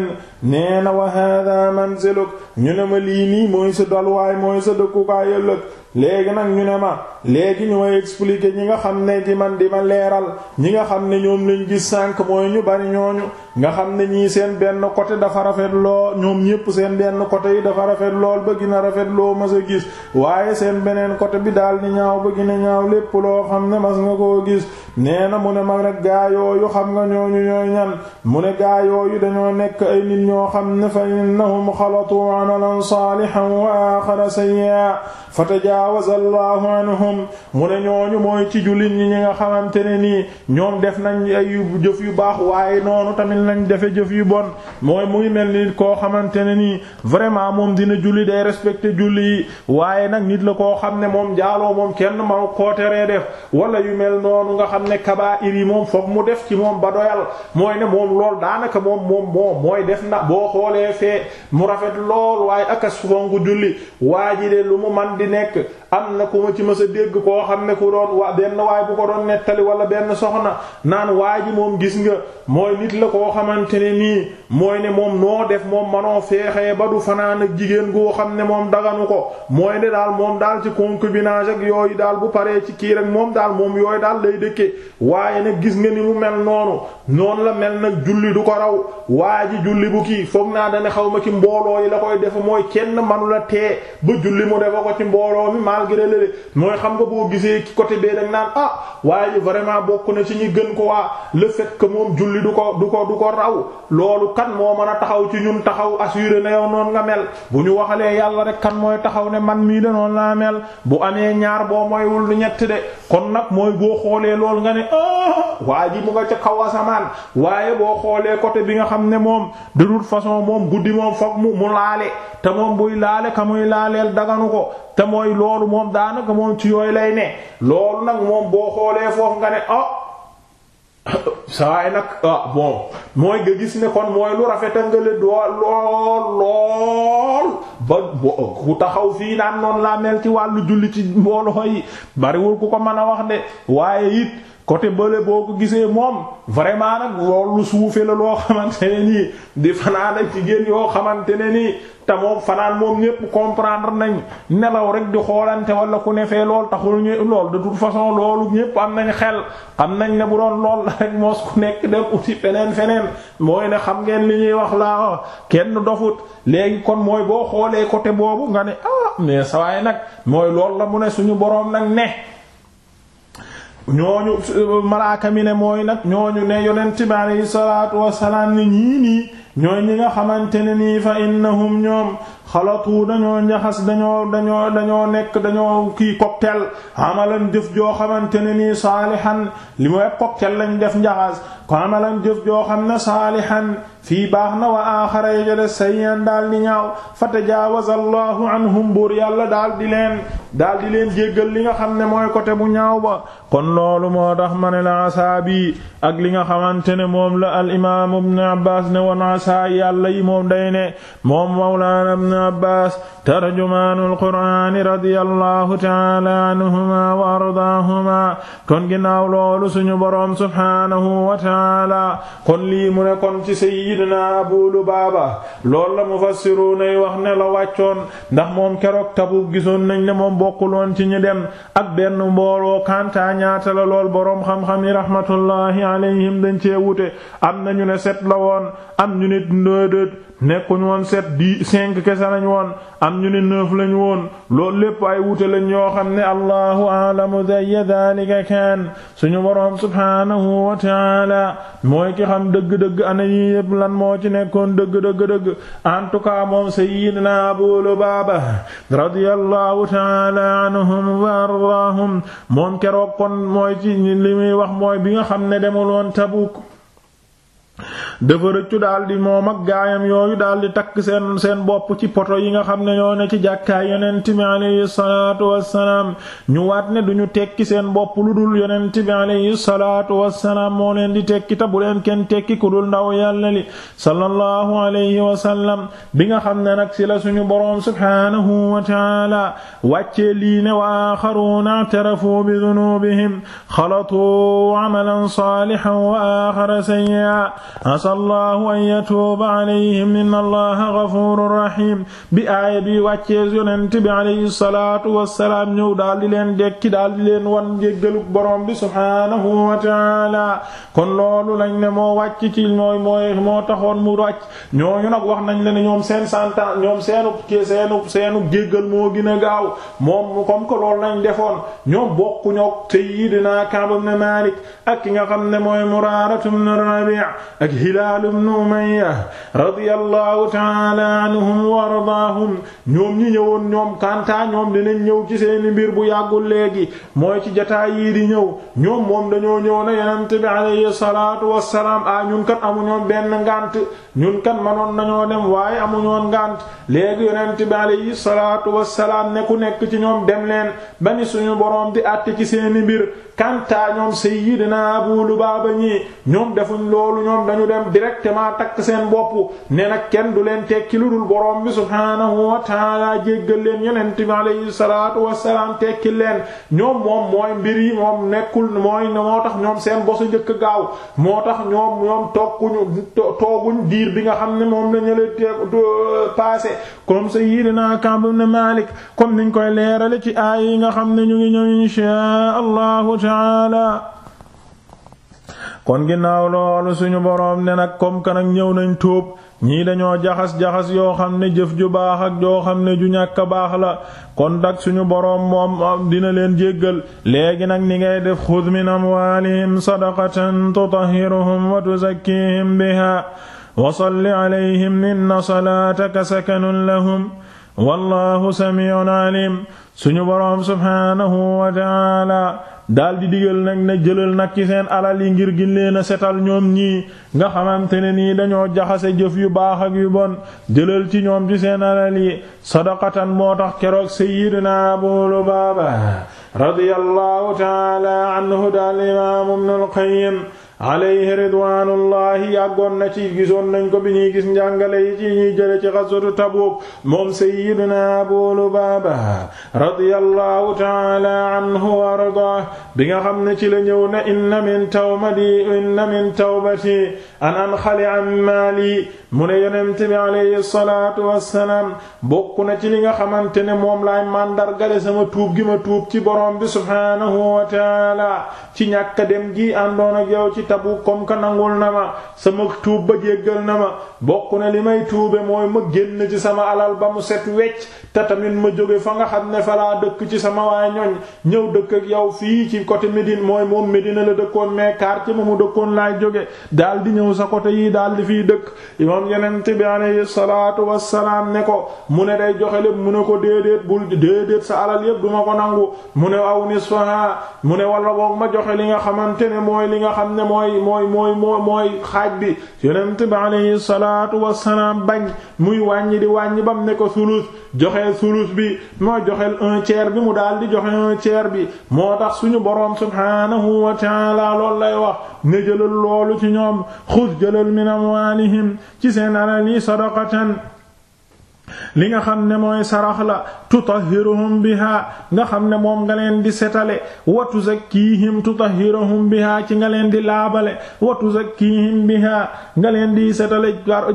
nee na wa hada manziluk ñu ne ma lii nii mooy sa dalwaay mooy sa dëkkukaay ëllëg léegi nag ñu ne ma léegi ñu may expliquer nga xam ne di man di ma leeral ñi nga xam ne ñoom lañu gis sànq mooy ñu bari ñooñu nga xam ne ñii seen benn côté dafa rafet lool ñoom ñépp seen benn côté yi dafa rafet lool ba gën rafet loo ma a gis waaye seen beneen côté bi daal di ñaaw ba gën a ñaaw loo xam ne mas nga koo gis na mu ne mag nag gaa yooyu xam nga ñooñu ñooy ñan mu ne gaa yooyu dañoo nekk ay ñoo xam ne fa innahum xalatu amalan saalihan wa axara sayyi'a fa tajaawaza allahu anhum mu ne ñooñu mooy ci jullit ñi ñi nga xamante ne nii ñoom def nañ ay jëf yu baax waaye noonu tamit lañ defe jëf yu bon mooy mu ngi mel ni koo xamante ne nii vraiment moom dina julli day respecté julli yi waaye nag nit la koo xam ne moom njaaloo moom kenn manu kooteree def wala yu mel noonu nga xam ne kabaa'ir yi moom foog mu def ci moom ba doyal mooy ne moom lool daanaka moom moom moom mooy def na boo xoolee fee mu rafet lool waaye aka sufangu julli waa ji de lu mu man di nekk am na ku ma ci mës a dégg koo xam ne ku doon wa benn waay bu ko doon nettali wala benn soxna naan waa ji moom gis nga mooy nit la koo xamante ne nii moom noo def moom manoo feexee ba du jigéen goo xam ne moom daganu ko mooy ne daal moom daal ci concubinage ak yooyu daal bu paree ci kii rek moom daal moom yooyu daal lay dëkkee waaye nag gis nga ni mu mel noonu noonu la mel nag julli du ko raw waa ji julli bu kii foog naa dane xaw ma ci mbooloo yi la koy def mooy kenn manu la tee ba julli mu defa ko malgré lele mooy xam nga boo gisee côté bee dañ naan ah waaye vraiment bokk na ci gën ko waa le fait que moom julli du ko du ko du ko raw loolu kan moo mën a taxaw ci ñun taxaw assuré na nga mel bu ñu waxalee yàlla rek kan mooy taxaw ne man mii de noonu mel bu amee ñaar boo moywul du ñett de kon nag mooy boo xoolee loolu nga ne ah, waa ji mu nga ca kaw asamaan waaye boo xoolee côté bi nga xam ne moom de toute façon moom guddi moom fokk mu mu laale te moom buy laale ka muy laaleel daganu ko te mooy loolu loolu moom daanaka moom ci yooyu lay ne loolu nag moom boo xoolee foofu nga ne ah [COUGHS] saay nag ah bon mooy nga gis ne kon mooy lu rafet nga le dool lool lool ba ku taxaw fii naan noonu laa mel ci wàllu julli ci mbooloo yi bariwul ku ko mën a wax de waaye it côté bële boo ko gisee moom vraiment nag loolu suufe la loo xamante ne nii di fanaan ak jigéen yoo xamante ne nii te moom fanaan moom ñépp comprendre nañ nelaw rek di xoolante wala ku ne fee lool taxul ñu lool de toute façon loolu ñépp am nañ xel xam nañ ne bu doon lool rek moos ku nekk dem uti feneen feneen mooy ne xam ngeen li ñuy wax laa kenn dofut léegi kon mooy boo xoolee côté boobu nga ne ah mais sa waay nag mooy loolu la mu ne suñu boroom nag ne ñooñu malaaka mi ne mooy nag ñooñu ne yonent bi alayhi salaatu wassalaam ni ñii nii ñooy ñi nga xamante ne nii fa innahum ñoom xalatu dañoo njaxas dañoo dañoo dañoo nekk dañoo kii cocktail amalan jëf joo xamante ne nii saalihan li mooy cocktail lañ def njaxas ko amalan jëf joo xam ne saalihan fii baax na wa aaxara ya jële sayyan daal di ñaaw fa tajaawaza allahu anhum buur yàlla daal di leen daal di leen jéggal li nga xam ne mooy côté bu ñaaw ba kon loolu moo tax ma ne la asaabi ak li nga xamante ne moom la al imaam ibn abbas ne woon asaa yàlla yi moom day ne moom mawlaana ibn abbas tarjumaanul qur'aani radiyallahu ta'ala anhuma wa ardaahuma kon ginaaw loolu suñu boroom subhaanahu wa ta'ala kon lii mu ne kon ci sayyi sayyidina abu lubaaba lool la mufassiruuna nay wax ne la wàccoon ndax moom keroog Tabuk gisoon nañ ne moom bokkuloon ci ñi dem ak benn mbooloo kantaa ñaata la lool boroom xam-xam yi rahmatullahi alayhim dañ cee wute am na ñu ne set la woon am ñu ne dëddët nekkuñu woon sept dix cinq kese lañ woon am ñu ne neuf lañ woon loolu lépp ay wuute lañ yoo xam ne allahu aalamu daya dalika kaan suñu boroom subhaanahu wa taala mooy ki xam dëgg-dëgg ana yi yépp lan moo ci nekkoon dëgg-dëgg-dëgg en tout cas moom sayyidina abu lubaaba radiyallahu taala anhum wa ardaahum moom keroog kon mooy ci li muy wax mooy bi nga xam ne demul woon tabuk dafa rëccu daldi moo ak gaayam yooyu daldi takk seen seen bopp ci poto yi nga xam ne ñoo ci jàkkaay yonent bi alayhi salaatu wassalaam ñu wat ne du ñu tekki seen bopp lu dul yonent bi alayhi salaatu wassalaam moo leen di tekki ta bu leen kenn tekki ku dul ndaw yàlla li sallallahu alayhi wasallam bi nga xam ne nag ci la suñu boroom subhaanahu wa taala wàccee lii ne wa axaruuna i'tarafu bi dunuubihim xalatuu amalan saalihan wa axara sayyi'an asaa allahu an yatuuba alayhim inna allaha ghafurur rahim bi aaya bi wàccee yonent bi alayhi salaatu wassalaam ñëw daal di leen dekki daal di leen wan jéggaluk borom bi subhaanahu wa ta'ala kon loolu lañ ne moo wàcc ci mooy mooy moo taxoon mu wàcc ñooñu nag wax nañ la ne ñoom seen santaan ñoom seenu seenu seenu jéggal moo gina gaaw moom comme que loolu lañ defoon ñoom bokkuñook Seydina Kaab ne Maalik ak ki nga xam ne mooy Muraara ibn Rabi' ak Hilaal ibn Umayya radiyallahu ta'ala anhum wa ardaahum ñoom ñi ñëwoon ñoom kantaa ñoom dinañ ñëw ci seeni mbir bu yàggul léegi mooy ci jotaay yi di ñëw ñoom moom dañoo ñëw na yonent bi alayhi salaatu wassalaam ah ñun kat amuñoon benn ngànt ñun kan manoon nañoo dem waaye amuñoon ngànt léegi yonent bi alayhi salaatu wassalaam ne ku nekk ci ñoom dem leen ba ni suñu boroom di àtte ci seeni mbir kantaa ñoom sayyidina Abu Lubaaba ñi ñoom defuñ loolu ñoom dañu dem directement takk seen bopp ne nag kenn du leen tekki lu dul boroom bi subhaanahu wa ta'aala jéggal leen yonent bi alayhi salaatu wassalaam tekki leen ñoom moom mooy mbir yi moom nekkul mooy moo tax ñoom seen bosu njëkk gaaw moo tax ñoom ñoom tokkuñu tooguñ diir bi nga xam ne moom la ñële passé comme sayyidina Ka'b ibn Malik comme niñ koy le ci aay yi nga xam ne ñu ngi ñëw insha Allahu ta'ala kon ginnaaw loolu suñu boroom ne nag comme que nag ñëw nañ tuub ñii dañoo jaxas-jaxas yoo xam ne jëf ju baax ak joo xam ne ju ñàkk baax la kon dak suñu boroom moom ah, dina leen jéggal léegi nag ni ngay def xud min amwaalihim wa tuzakkihim biha wa salli alayhim inna salaataka sakanun lahum wallahu sami'un alim suñu boroom subhaanahu wa ta'ala daldi digal nag ne jëlal nag ci seen alal yi ngir gin leen a setal ñoom ñii nga xamante ne nii dañoo jaxase jëf yu baax ak yu bon jëlal ci ñoom ci seen alal yi sadaqatan moo tax keroog sayyidina Abu Lubaaba radiyallahu ta'ala anhu daal imaam Ibnul Qayyim alayhi ridwaanullahi yàggoon na ci gisoon nañ ko bi ñuy gis njàngale yi ci ñuy jële ci xasatu Tabuuk moom sayyidina Abu Lubaaba radiyallahu ta'ala anhu wa ardaah bi nga xam ne ci la ñëw ne inna min tawbati inna min tawbati an anxali an maali mu ne yonent bi alayhi salaatu wassalaam bokk na ci li nga xamante ne moom laay màndargale sama tuub gi ma tuub ci borom bi subhaanahu wa taala ci ñàkk dem gi àndoon ak yow ci tabu comme que nangul na ma sama tuub ba jéggal na ma bokk na li may tuube mooy ma génn ci sama alal ba mu set wecc te tamit ma jóge fa nga xam ne fa laa dëkk ci sama waa ñoñ ñëw dëkk ak yow fii ci côté Médine mooy moom Médine la dëkkoon mais quartier ma mu dëkkoon laay jóge dal di ñëw sa côté yi daal di fiy dëkk kon yonent bi alayhi salaatu wassalaam ne ko mu ne day joxe lépp mu ne ko déedéet bul déedéet sa alal yépp duma ko nangu mu ne aw nisfaha mu ne wala boog ma joxe li nga xamante ne mooy li nga xam ne mooy mooy mooy mooy mooy xaaj bi yonent bi alayhi salaatu wa wassalaam bañ muy wàññi di wàññi bam ne ko sulus joxe sulus bi mooy joxel un tiers bi mu daal di joxe un tiers bi moo tax suñu boroom subhaanahu wa ta'ala lool lay wax ne jëlal loolu ci ñoom xud jëlal min seen alal yi sadaqatan li nga xam ne mooy sarax la tutahhiruhum biha nga xam ne moom nga leen di setale wa tuzakkihim tutahhiruhum biha ci nga leen di laabale wa tuzakkihim biha nga leen di setale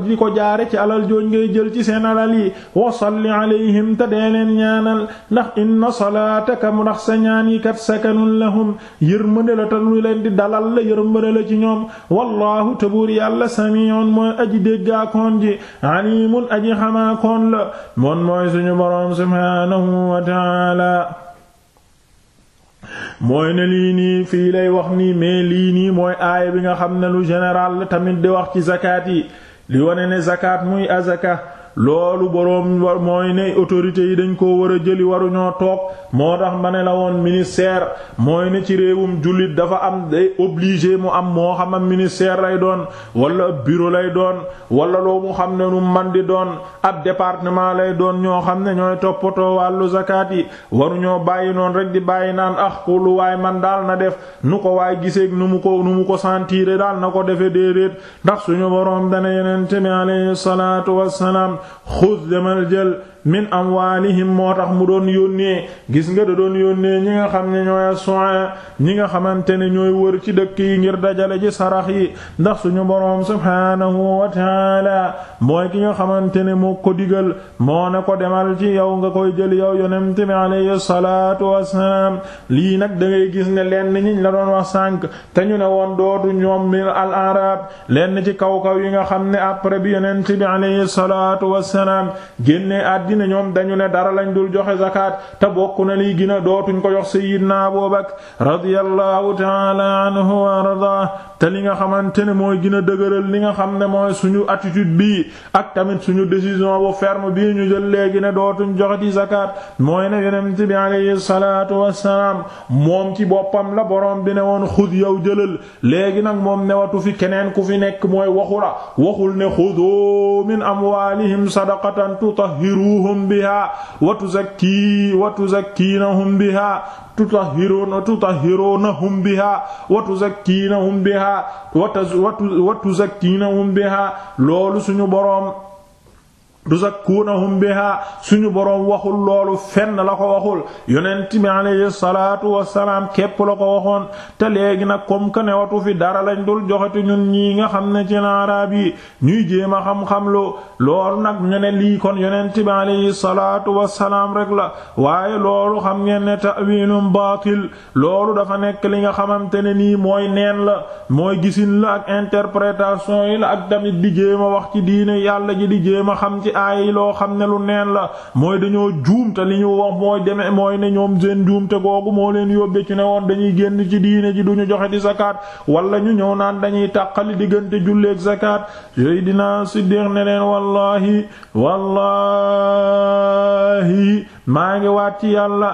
di ko jaare ci alal jooñ ngay jël ci seen alal yi wa salli alayhim te dee leen ñaanal ndax inna salaataka mu ndax sa ñaan yi kat sakanun lahum yërmande la tan lu leen di dalal la yërmande la ci ñoom wallahu tabuur yàlla sami'un mooy aji déggaakoon ji alimun aji xamaakoon la moon mooy suñu boroom subhaanahu subhaanahu mooy ne lii nii fii lay wax nii mais lii nii mooy aaya bi nga xam ne lu général la tamit di wax ci zakat yi li wone ne zakat muy azaka loolu boroom war mooy ne autorités yi dañ koo war a jëli waruñoo toog moo tax ma ne la woon ministère mooy ne ci réewum jullit dafa am day obligé mu am moo xam am ministère lay doon wala bureau lay doon wala loo mu xam ne nu man di doon ab département lay doon ñoo xam ne ñooy toppatoo wàllu zakat yi waruñoo bàyyi noonu rek di bàyyi naan ah xulu man daal na def nu ko waay giseeg nu mu ko nu mu ko sentir daal na ko defee déedéet ndax suñu boroom dana yeneen xuz demal jël min amwaalihim moo tax mu doon yónnee gis nga da doon yónnee ñi nga xam ne ñooy soin ñi nga xamante ne ñooy wër ci dëkk yi ngir dajale ci sarax yi ndax suñu boroom subhaanahu wa taala mooy ki nga xamante ne moo ko digal moo ne ko demal ci yow nga koy jël yow yonent bi alayhi salaatu wassalaam lii nag da gis ne lenn ñiñ la doon wax sànk te ñu ne woon dootu ñoom min al lenn ci kaw kaw yi nga xam ne après bi yonent bi alayhi salaatu àddina ñoom dañu ne dara lañ dul joxe zakat te bokk na liy gina dootuñ ko jox sayyidina Abu Bakr radiyallahu ta'ala anhu wa arda te li nga xamante ne mooy gën a dëgëral li nga xam ne mooy suñu attitude bii ak tamit suñu décision bu ferme bii ñu jël léegi ne dootuñ joxeti zakat mooy ne yonent bi alayhi salaatu wassalaam moom ci boppam la borom bi ne woon xud yow jëlal léegi nag moom ne watu fi keneen ku fi nekk mooy waxu la waxul ne xudu min amwaalihim sadaqatan bi biha wa tuzakki wa tuzakkinahum biha tutahhiruna tutahhirunahum biha wa tuzakkinahum biha wa tuzakkinahum biha loolu suñu borom tuzakkunahum biha suñu boroom waxul loolu fenn la ko waxul yonent bi alayhi salaatu wassalaam képp la ko waxoon te léegi nag comme que newatu fi dara lañ dul joxati ñun ñii nga xam ne ci araab yi ñuy jéem a xam-xam lu loolu nag ñu ne lii kon yonent bi alayhi salaatu wassalaam rek la waaye loolu xam ngeen ne ta'wilum baatil loolu dafa nekk li nga xamante ne nii mooy neen la mooy gisin la ak interprétation yi la ak tamit di jéem wax ci diine yàlla aaya yi loo xam ne lu neen la mooy dañoo juumte li ñu wax mooy demee mooy ne ñoom seen juumte googu moo leen yóbbee ci ne woon dañuy génn ci diine ji duñu joxe di zakat wala ñu ñëw naan dañuy tàqali diggante julleeg zakat yooyu dinaa siddiq ne leen wallahi wallahi maa ngi waat ci yàlla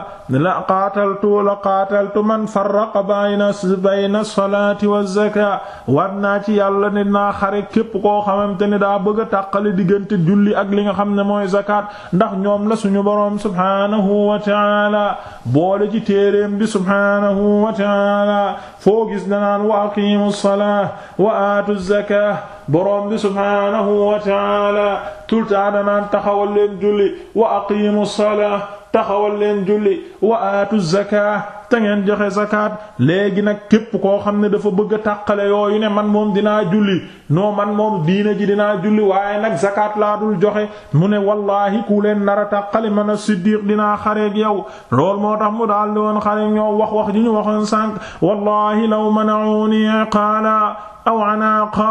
la qaataltu la qaataltu man farraqa bayna bayna salaati wa zaka waat naa ci yàlla ne naa xare képp koo xamante ne daa bëgg a tàqale diggante julli ak li nga xam ne mooy zakat ndax ñoom la suñu boroom subhaanahu wa taala boole ci téeréem bi subhaanahu wa taala foo gis danaan wa aqiimu salaa wa aatu zakaa borom bi subhaanahu wa taala tout le temps danaan taxawal leen julli wa aqimu salaa taxawal leen julli wa aatu zakaa te ngeen joxe zakaat léegi nag képp koo xam ne dafa bëgg a tàqale yooyu ne man moom dinaa julli noo man moom diina ji dinaa julli waaye nag zakaat laa dul joxe mu ne wallaahi ku leen nar a tàqale man a siddiq dinaa xareeg yow loolu moo tax mu daal di woon xareeg wax wax ji ñu waxoon sànq wallaahi law mana'uni qaala aw anaaqa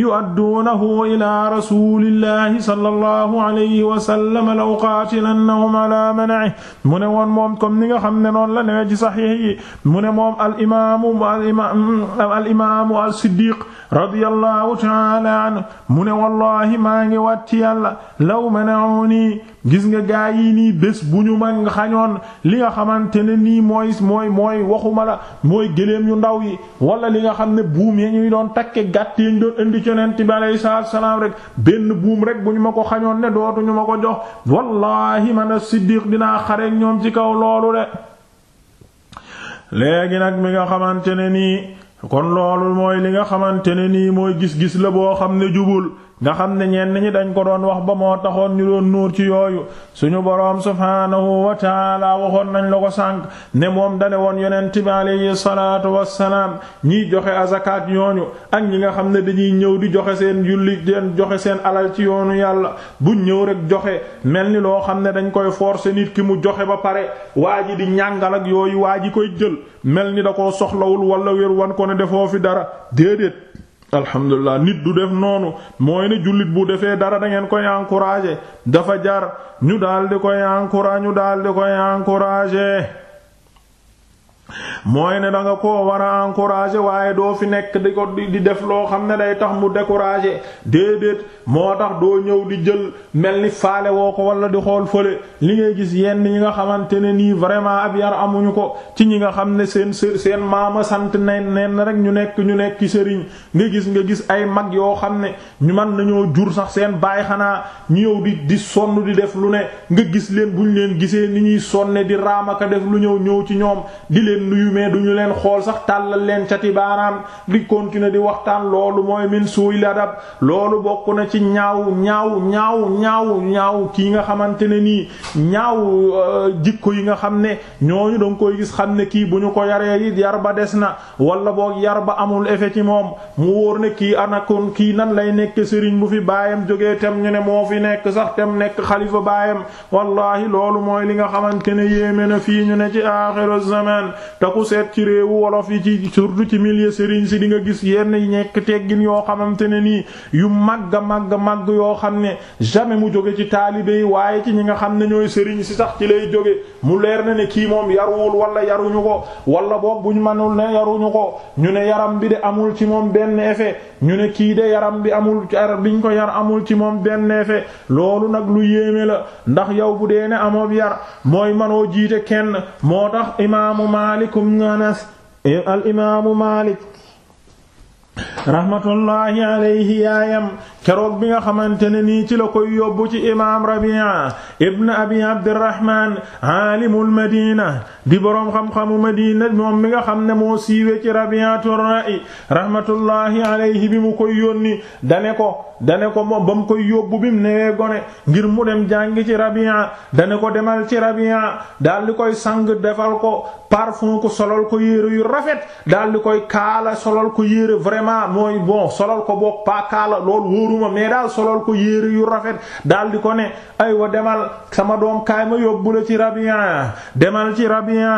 yu'adduunahu ilaa rasuulillahi sallallahu alayhi wa sallam law qaatilannahum alaa mana'ihi mu ne woon moom comme ni nga xam ne noonu la newee ci saxiix yi mu ne moom al imaamu al imaam al imaamu as-Siddiq radiyallahu ta'ala anhu mu ne wallaahi maa ngi waat ci yàlla law mana'uuni gis nga gaa yi nii bés bu ñu mag xañoon li nga xamante ne nii mooy mooy mooy waxuma la mooy gëléem yu ndaw yi wala li nga xam ne buum ya ñuy doon takke gàtt yi ñu doon indi yonent bi alayhi salaatu salaam rek benn buum rek bu ñu ma ko xañoon ne dootuñu ma ko jox wallaahi man as-Siddiq dinaa xareek ñoom ci kaw loolu de léegi nag mi nga xamante ne nii kon loolu mooy li nga xamante ne nii mooy gis-gis la boo xam ne jubul nga xam ne ñenn ñi dañ ko doon wax ba moo taxoon ñu doon nuur ci yooyu suñu boroom subhaanahu wa taala waxoon nañu la ko sànq ne moom dane woon yonent bi alayhi salaatu wassalaam ñiy joxe azakaat ñooñu ak ñi nga xam ne dañuy ñëw di joxe seen yulli seen joxe seen alal ci yoonu yàlla buñ ñëw rek joxe mel ni loo xam ne dañ koy forcer nit ki mu joxe ba pare waa ji di ñàngal ak yooyu waa ji koy jël mel ni da koo soxlawul wala wér wan ko ne defoo fi dara déedéet alhamdulilah nit du def noonu mooy ne jullit bu defee dara da ngeen koy encourager dafa jar ñu daal di koy encourager ñu daal di koy encourager mooy ne da nga koo war a encourager waaye doo fi nekk di ko di def loo xam ne day tax mu décourager déedéet moo tax doo ñëw di jël mel ni faale woo ko wala di xool fële li ngay gis yenn ñi nga xamante ne nii vraiment ab yar amuñu ko ci ñi nga xam ne seen seen maama sant nen nen rek ñu nekk ñu nekk sëriñ nga gis nga gis ay mag yoo xam ne ñu mën nañoo jur sax seen baay xanaa ñu yow di di sonn di def lu ne nga gis leen buñ leen gisee ni ñuy sonne di raamaka def lu ñëw ñëw ci ñoom leen nuyu mais duñu leen xool sax tàllal leen cati baaraam di continuer di waxtaan loolu mooy min suuy ladab loolu bokk na ci ñaaw ñaaw ñaaw ñaaw ñaaw kii nga xamante ne nii ñaaw euh, jikko yi nga xam ne ñooñu danga koy gis xam ne kii bu ñu ko yaree yi yar ba des na wala boog yar ba amul effet ci moom mu wóor ne kii anakoon kii nan lay nekk sëriñ bu fi baayam jógee tem ñu ne moo fi nekk sax tem nekk xalifa baayam wallahi loolu mooy li nga xamante ne yéeme na ñu ne ci aaxiru te ku seet ci réew wolof yi ci surtout ci milieu sëriñ si di nga gis yenn ñekk teggin yoo xamante ne nii yu màgg a màgg màgg yoo xam ne jamais mu jóge ci taalibe yi waaye ci ñi nga xam ne ñooy sëriñ si sax ci lay jóge mu leer na ne kii moom yaruwul wala yaruñu ko wala boog buñ mënul ne yaruñu ko ñu ne yaram bi de amul ci moom benn effet ñu ne kii de yaram bi amul biñ ko yar amul ci moom benn effet loolu nag lu yéeme la ndax yow bu dee ne amoo yar mooy mënoo jiite kenn moo tax Maalik ibn Anas eh, al imaamu Maalik rahmatullahi alayhi yaayam keroog bi nga xamante ne nii ci la koy yóbbu ci imaam Rabi'a ibn Abi Abdirrahman aalimul Madina di boroom xam-xamu Madina moom mi nga xam ne moo siiwee ci Rabi'atur Ra'i rahmatullahi alayhi bi mu koy yónni dane ko dane ko moom ba mu koy yóbbu bi mu newee gone ngir mu dem jàngi ci Rabi'a dane ko demal ci Rabi'a daal di koy sang defal ko parfum ko solal ko yére yu rafet daal di koy kaala solal ko yére vraiment mooy bon solal ko boog pas kaala loolu wóoruma mais daal solol ko yére yu rafet daal di ko ne aywa demal sama doom kaay ma yóbbu la ci Rabia demal ci Rabia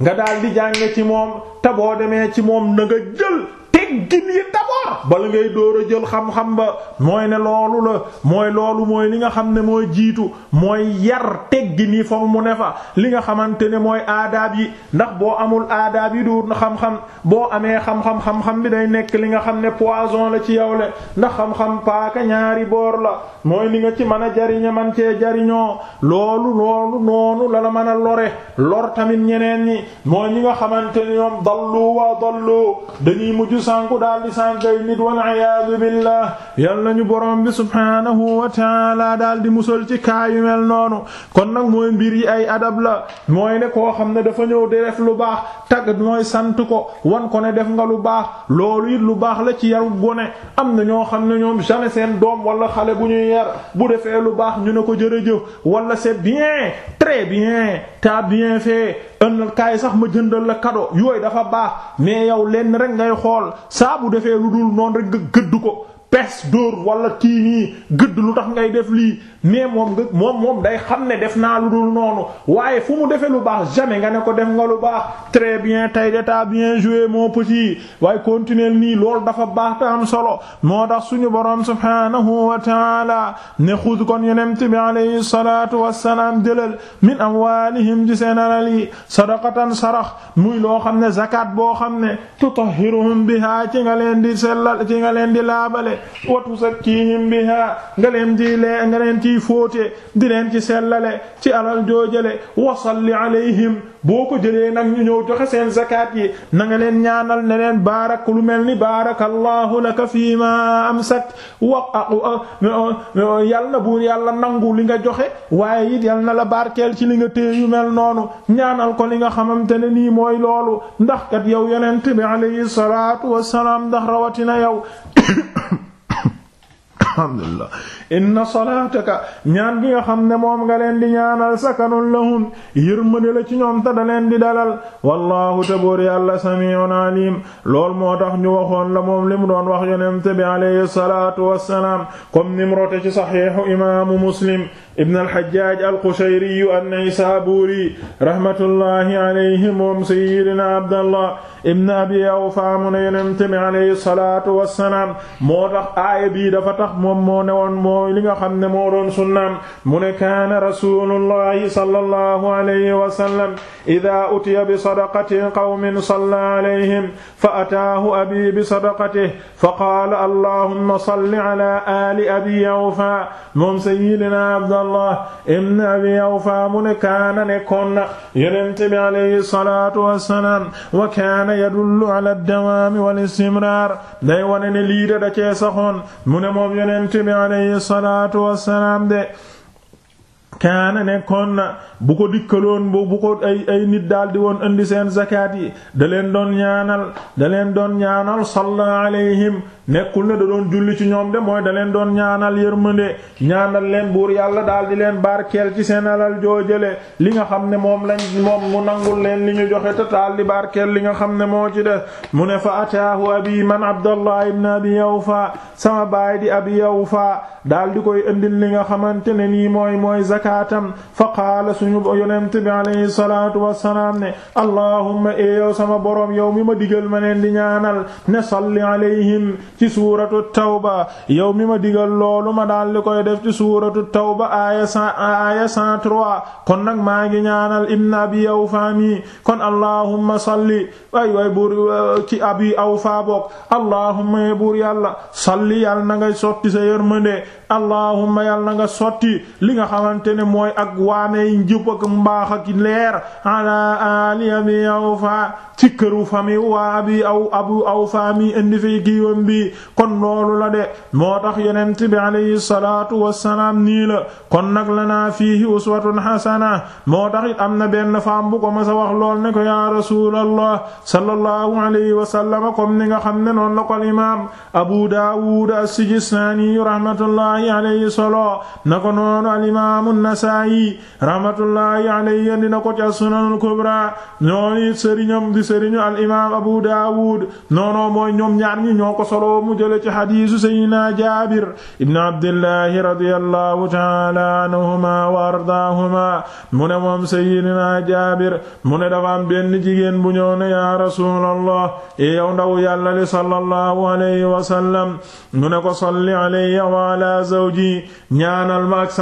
nga daal di jànge ci moom te boo demee ci moom na nga jël teggin yi d'abord bala ngay door a jël xam-xam ba mooy ne loolu la mooy loolu mooy li nga xam ne mooy jiitu mooy yar teggin yi foog mu ne fa li nga xamante ne mooy aadaab yi ndax boo amul aadaab yi du xam-xam boo amee xam-xam xam-xam bi day nekk li nga xam ne poison la ci yow ndax xam-xam paaka ñaari boor la mooy li nga ci mën a jariñe man cee jariñoo loolu loolu noonu la la mën a lore lor tamit ñeneen ñi mooy ñi nga xamante ne ñoom dallu wa dallu dañuy mujj ju sànku daal di sànkay nit wal iyaadu billah yal nañu borom bi subhaanahu wa taala daal di musal ci kaayu mel noonu kon nag mooy mbir yi ay adab la mooy ne koo xam ne dafa ñëw di def lu baax tagg mooy sant ko wan ko ne def nga lu baax loolu it lu baax la ci yaru gone am na ñoo xam ne ñoom jamais seen doom wala xale bu ñuy yar bu defee lu baax ñu ne ko jërëjëf wala c'est bien très bien t'as bien fait ëndal kaay sax ma jëndal la kado yooyu dafa baax mais yow lenn rek ngay xool saa bu defee lu dul noonu rek gëdd ko pes dóor wala kii nii gëdd lu tax ngay def lii mais moom nga moom day xam ne def naa lu dul noonu waaye fu mu defe lu baax jamais nga ne ko def nga lu baax très bien tey bien joué mon petit waaye continuer nii loolu dafa baax te am solo moo tax suñu borom subhanahu wa taala ne xud kon yonent bi alayhi salaatu wassalaam jëlal min amwaalihim ci seen alal yi sadaqatan sarax muy loo xam ne zakat boo xam ne tutahhiruhum biha ci nga leen ci nga leen di laabale wa tusakkihim biha nga leen di leen nga leen ciy fóote di leen ci sellale ci alal joojale wasalli alayhim boo ko jëlee nag ñu ñëw joxe seen zakat yi na leen ñaanal ne leen baarak lu mel ni barakallahu laka fii am amsakt wa yal na bu yàlla nangu li nga joxe waaye it yal na la barkeel ci li nga téye yu mel noonu ñaanal ko li nga xamante ne nii mooy loolu ndax kat yow yeneen bi alayhi salaatu wassalaam ndax rawatina yow [COUGHS] alhamdulillah inna salaataka ñaan gi nga xam ne moom nga leen di ñaanal sakanun lahum yërmande la ci ñoom te da leen di dalal wallahu tabor yàlla samiun alim lool moo tax ñu waxoon la moom li mu doon wax yonente bi alayhi salaatu wassalaam comme ni mu rote ci saxiixu imaamu muslim ibn al-Hajjaj al-Qushayri an-Naysaburi rahmatullahi alayhi moom sayyidina Abdallah ibn Abi Awfa mu ne yonent bi alayhi salaatu wassalaam moo tax aaya bii dafa tax moom moo newoon mooy li nga xam ne moo doon sunnaam mu ne kaana rasuulullahi sallallahu alayhi wa sallam idaa utiya bi sadaqati qawmin salla alayhim fa ataahu abii bi sadaqatihi fa qaala allahumma salli ala aali abi Awfa moom sayyidina Abdallah abdallah ibn abi awfa mu ne kaana nekkoon na yonent bi alayhi salaatu wassalaam wa kaana yadullu ala dawaami wal day wone ne lii da cee saxoon mu ne moom yonent bi alayhi salaatu wassalaam de kaana nekkoon na bu ko dikkaloon bu ko ay ay nit daal di woon indi seen zakat yi da leen doon ñaanal da leen doon ñaanal salla alayhim nekkul ne da doon julli ci ñoom de mooy da leen doon ñaanal yërmande ñaanal leen buur yàlla daal di leen barkeel ci seen alal joojale li nga xam ne moom lañ moom mu nangul leen li ñu joxe te taal di barkeel li nga xam ne moo ci def mu ne fa ataahu abi man abdallah ibn abi yawfa sama baay di abi yawfa daal di koy indil zakaatam fa qaala suñu yonent bi alayhi salaatu wassalaam sama boroom yow mi ma digal ma neen di ñaanal ne salli alayhim ci suuratu tawba yow mi ma digal loolu ma daal di koy def ci suuratu tawba aaya cent aaya cent trois kon nag maa ngi ñaanal ibn abi awfa mi kon allahumma salli way way ci euh, abi awfa bok allahumma buur yàlla salli yàlla sotti sa yërmande allahumma yàlla sotti li nga xamante ne mooy ak waamey njub ak mbaax ak leer ala ali abi awfa ci këru fami waa bi aw abu awfa mi indi fi giiwam bi kon loolu la de moo tax yonent bi alayhi salaatu wassalaam nii la kon nag lanaa fiihi uswatun hasana moo tax it am na benn faam ko ma wax lool ne ko yaa rasuulallah sallallahu alayhi wa sallam comme ni nga xam ne noonu la ko imaam abu daawud as-sijistaani rahmatullahi alayhi solo na ko noonu al imaam an-Nasaa'i rahmatullahi alayhi dina ko ci as-Sunanul Kubra ñooñu sëriñam di Abu Daawud noonu mooy ñoom ñaar ñi ko solo mu jële ci hadiisu sayyidina Jaabir ibn Abdillahi radiyallahu ta'ala anhuma wa ardaahuma mu mo moom sayyidina Jaabir mu ne dafa am bu ñëw ne yaa Rasuulallah e yow ndaw li sallallahu alayhi wa sallam ko salli alayya wa ala zawji ñaanal ma ak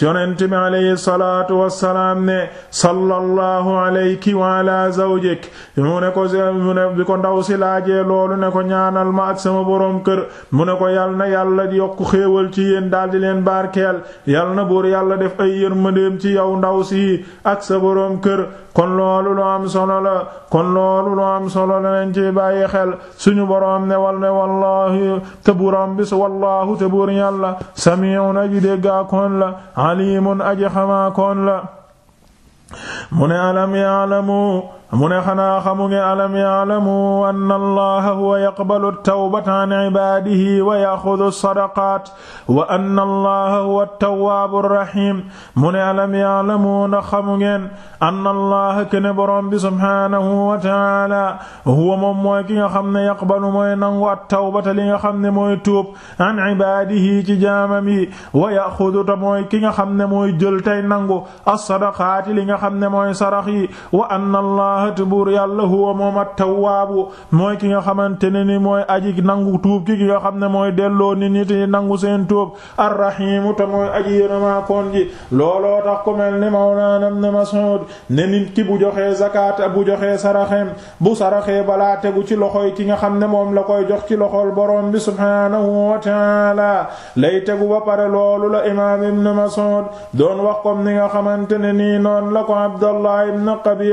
yonent bi alayhi salaatu wassalaam ne sallallahu alayki wa ala zawjik mu ne ko bi ko ndaw si laajee loolu ne ko ñaanal ma ak sama boroom kër mu ne ko yal na yàlla yokk xéewal ci yéen daal di leen barkeel yal na buur yàlla def ay yërmandeem ci yow ndaw si ak sa boroom kër kon loolu lu am solo la kon loolu lu am solo la nañ ci xel suñu boroom ne wal ne wallaahi te buram bis wallaahu te bur yàlla sami'un aji déggaa koon la alimun aji xamaa koon la mu ne alam ya'lamu mu ne xanaa xamu nge alam yaalamu anna allaha huwa yaqbalu at-tawbata an ibaadihi wa ya'khudhu as-sadaqaat wa anna allaha huwa at-tawwaabu ar-rahiim mu ne alam yaalamu ndax xamu ngeen anna allaha kene boroom bi subhaanahu wa ta'aala huwa moom mooy ki nga xam ne yaqbalu mooy nangu at-tawbata li nga xam ne mooy tuub an ibaadihi ci jaamam yi wa ya'khudhu ta mooy ki nga xam ne mooy jël tey nangu as-sadaqaat li nga xam ne mooy sarax yi wa anna allah allah te buur yàlla huwa moom at-tawwaabu mooy ki nga xamante ne ni mooy aji nangu tuub ki ki nga xam ne mooy delloo nit ñi te nangu seen tuub ar-rahiimu te mooy aji yërëmaa koon ji looloo tax ku mel ni mawlaana ibn Mas'ud ne nit ki bu joxee zakat bu joxee saraxeem bu saraxee balaa tegu ci loxoy ki nga xam ne moom la koy jox ci loxol borom bi subhaanahu wa taala lay tegu ba pare loolu la imaam ibn Mas'ud doon wax comme ni nga xamante ne nii noonu la ko Abdallah ibn Qabi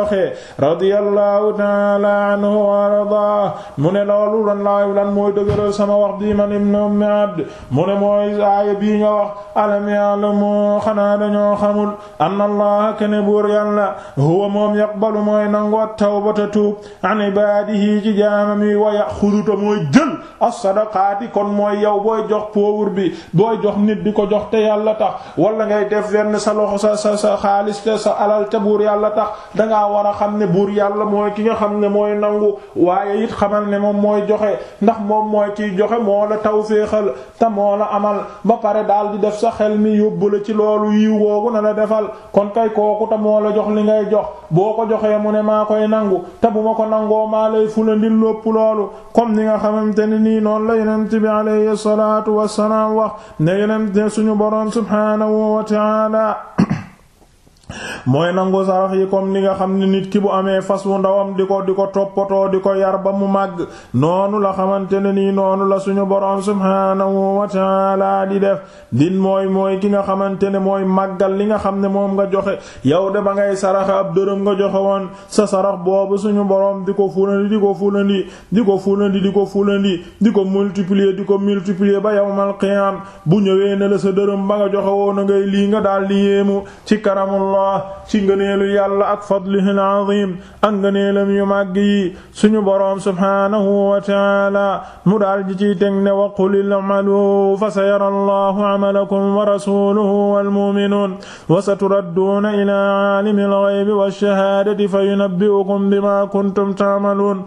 waxee radiyallahu taala anhu wa ardaa mu ne loolu lan laayu lan mooy dëgëral sama wax bii man ibn ummi abd mu ne mooy aaya bii nga wax alam ya'lamu xanaa dañoo xamul anna allaha kene buur yàlla huwa moom yaqbalu mooy nangu tawbata tuub an ibaadihi ci jaamam yi wa yaxudu ta mooy jël as-sadaqaati kon mooy yow booy jox pauvre bi booy jox nit di ko jox te yàlla tax wala ngay def wenn sa loxo sa sa sa xaalis te sa alal te buur yàlla tax danga war a xam ne buur yàlla mooy ki nga xam ne mooy nangu waaye it xamal ne moom mooy joxe ndax moom mooy kiy joxe moo la tawféexal te moo amal ba pare daal di def sa xel mi yóbbu la ci loolu yiw na la defal kon kay kooku te la jox li ngay jox boo ko joxee mu ne maa koy nangu te bu ma ko nangoo maa lay fulandil lépp loolu comme ni nga xamante ne nii noonu la yonent bi alayhi salaatu wassalaam wax ne yonent suñu boroom subhaanahu wa ta'aala mooy nangu sarax yi comme ni nga xam ne nit ki bu amee fas wu ndawam di ko di ko toppatoo di ko yar ba mu màgg noonu la xamante ne nii noonu la suñu boroom subhaanahu wa ta'ala di def din mooy mooy ki nga xamante ne mooy màggal li nga xam ne moom nga joxe yow de ba ngay saraxe ab dërëm nga joxe woon sa sarax boobu suñu boroom di ko fulandi di ko fulandi di ko fulandi di ko fulandi di ko multiplier di ko multiplier ba yawmal qiyaam bu ñëwee ne la sa dërëm ba nga joxe woon ngay lii nga daal di ci karamullah allah ci ngëneelu yàlla ak fadlihi al-azim ak ngëneelam yu màgg yi suñu boroom subhanahu wa taala mu daal ji ciy teg ne wa qulil a'malu fa sayara allahu amalakum wa rasuluhu wal mu'minun wa saturadduuna ila aalimil ghaybi wash-shahadati fa yunabbi'ukum bima kuntum ta'malun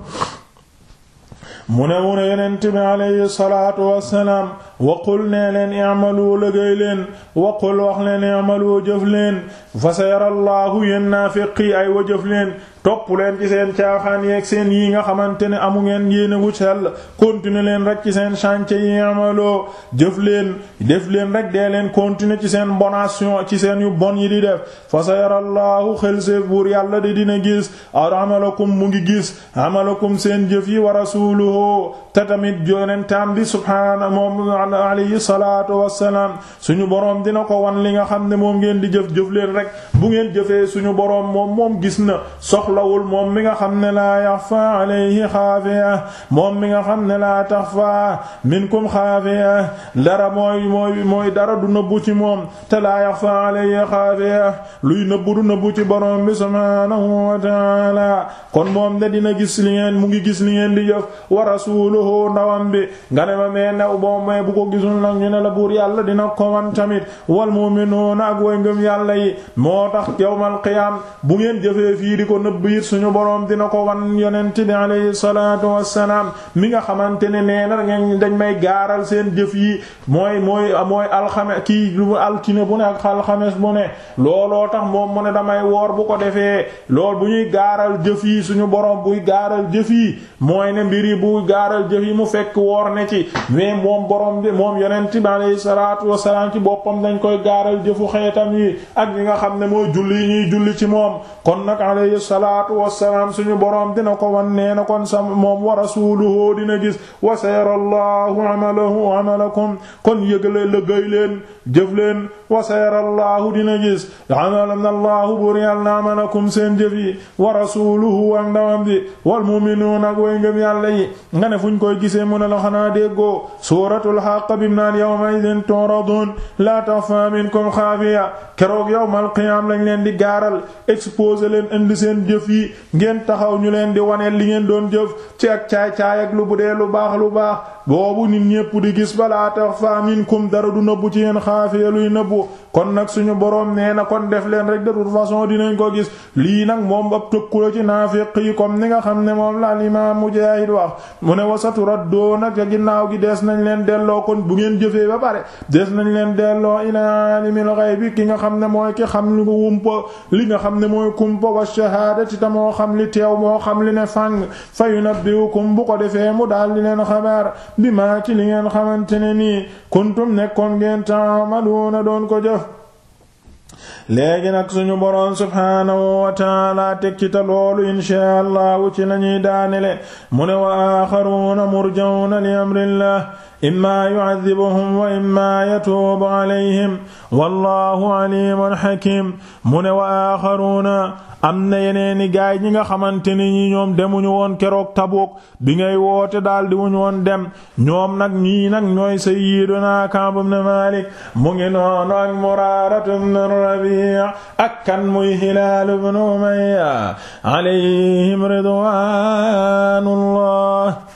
mu ne mu ne yonent bi alayhi salaatu wassalaam waqul nee leen i'malu liggéey leen waqul wax leen i'malu jëf leen fa sayarallahu yéen naafiqi ay wa jëf leen topp leen ci seen caaxaan yeeg seen yi nga xamante ne amu ngeen yéen a wu sell continuer leen rek ci seen chantier yi i'malu jëf leen def leen rek dee leen continuer ci seen bonation ci seen yu bon yi di def fa sayarallahu xel seef buur yàlla di dina gis amalakum mu ngi gis amalakum seen jëf yi wa rasuluhu te tamit yonentam bi subhaanahu Yàlla alayhi salaatu wassalaam suñu boroom dina ko wan li nga xam ne moom ngeen di jëf jëf leen rek bu ngeen jëfee suñu boroom moom moom gis na soxlawul moom mi nga xam ne laa yaxfa alayhi xaafiya moom mi nga xam ne laa taxfa minkum xaafiya dara mooy mooy mooy dara du nëbbu ci moom te laa yaxfa alayhi xaafiya luy nëbbu du nëbbu ci boroom bi subhaanahu wa ta'aala kon moom de dina gis li ngeen mu ngi gis li ngeen di jëf wa rasuuluhu ndawam bi nga ne ma mee new boo mee bu ku ko gisul nag ñu ne la buur yàlla dina ko wan tamit wal mu'minuuna ak way ngëm yàlla yi moo tax yawmal qiyaam bu ngeen jëfee fii di ko nëbb it suñu boroom dina ko wan yonent bi alayhi salaatu wassalaam mi nga xamante ne nee na dañ may gaaral seen jëf yi mooy mooy mooy alxame kii lu altine bu ne ak alxames bu ne looloo tax moom mu ne damay woor bu ko defee lool bu ñuy gaaral jëf yi suñu boroom buy gaaral jëf yi mooy ne mbir yi buy gaaral jëf bi moom yonent bi alayhi salaatu wasalaam ci boppam dañ koy gaaral jëfu xeetam yi ak ñi nga xam ne mooy julli yi ñuy julli ci moom kon nag alayhi salaatu wasalaam suñu boroom dina ko wan na kon sa moom wa rasuluhu dina gis wa sayara allahu amalahu amalakum kon yëgale lëggéey leen jëf leen wa sayara allahu dina gis amalan allahu buur yàl na amalakum seen jëf yi wa rasuluhu ak ndawam bi wal mu'minuuna ak way ngëm yàlla yi nga ne fuñ koy gisee mu la xanaa xaq bi mu naan toro doon turadun la taxfa minkum xaafiya keroog yawmal qiyaam lañ leen di gaaral exposer leen indi seen jëf yi ngeen taxaw ñu leen di waneel li ngeen doon jëf ci ak caay caay ak lu bu dee lu baax lu baax boobu nit ñépp di gis balaa tax fa minkum dara du nëbbu ci yéen xaafiya luy nëbbu kon nag suñu boroom nee na kon def leen rek de toute façon dinañ ko gis lii nag moom ab tëkkula ci naafiq yi comme ni nga xam ne moom la al imaam Mujaahid wax mu ne wasatu raddoo nag a ginnaaw gi dees nañ leen delloo kon bu ngeen jëfee ba pare des nañ leen delloo ilaa alimil ghaybi ki nga xam ne mooy ki xam li nga wumpa li nga xam ne mooy kumpa wa shahaadati ta moo xam li teew moo xam li ne fàng fa yunabbiukum bu ko defee daal di leen xabaar bi maa li ngeen xamante ne nii kuntum nekkoon ngeen suñu boroom subhaanahu wa taala ta loolu inshaa allahu ci lañuy daanele mu ne wa aaxaruuna murjawna li amrillah imma yu'adhibuhum wa imma yatuubu alayhim wallahu alimun hakim mu ne wa axaruna am na yeneeni gaay ñi nga xamante ni ñi ñoom demuñu woon keroog Tabuk bi ngay woote daal di wuñu woon dem ñoom nag ñii nag ñooy sayyiduna Ka'b ibn Malik mu ngi noonu ak Muraratu ibn Rabi' ak kan muy Hilaal ibn Umayya alayhim ridwanullah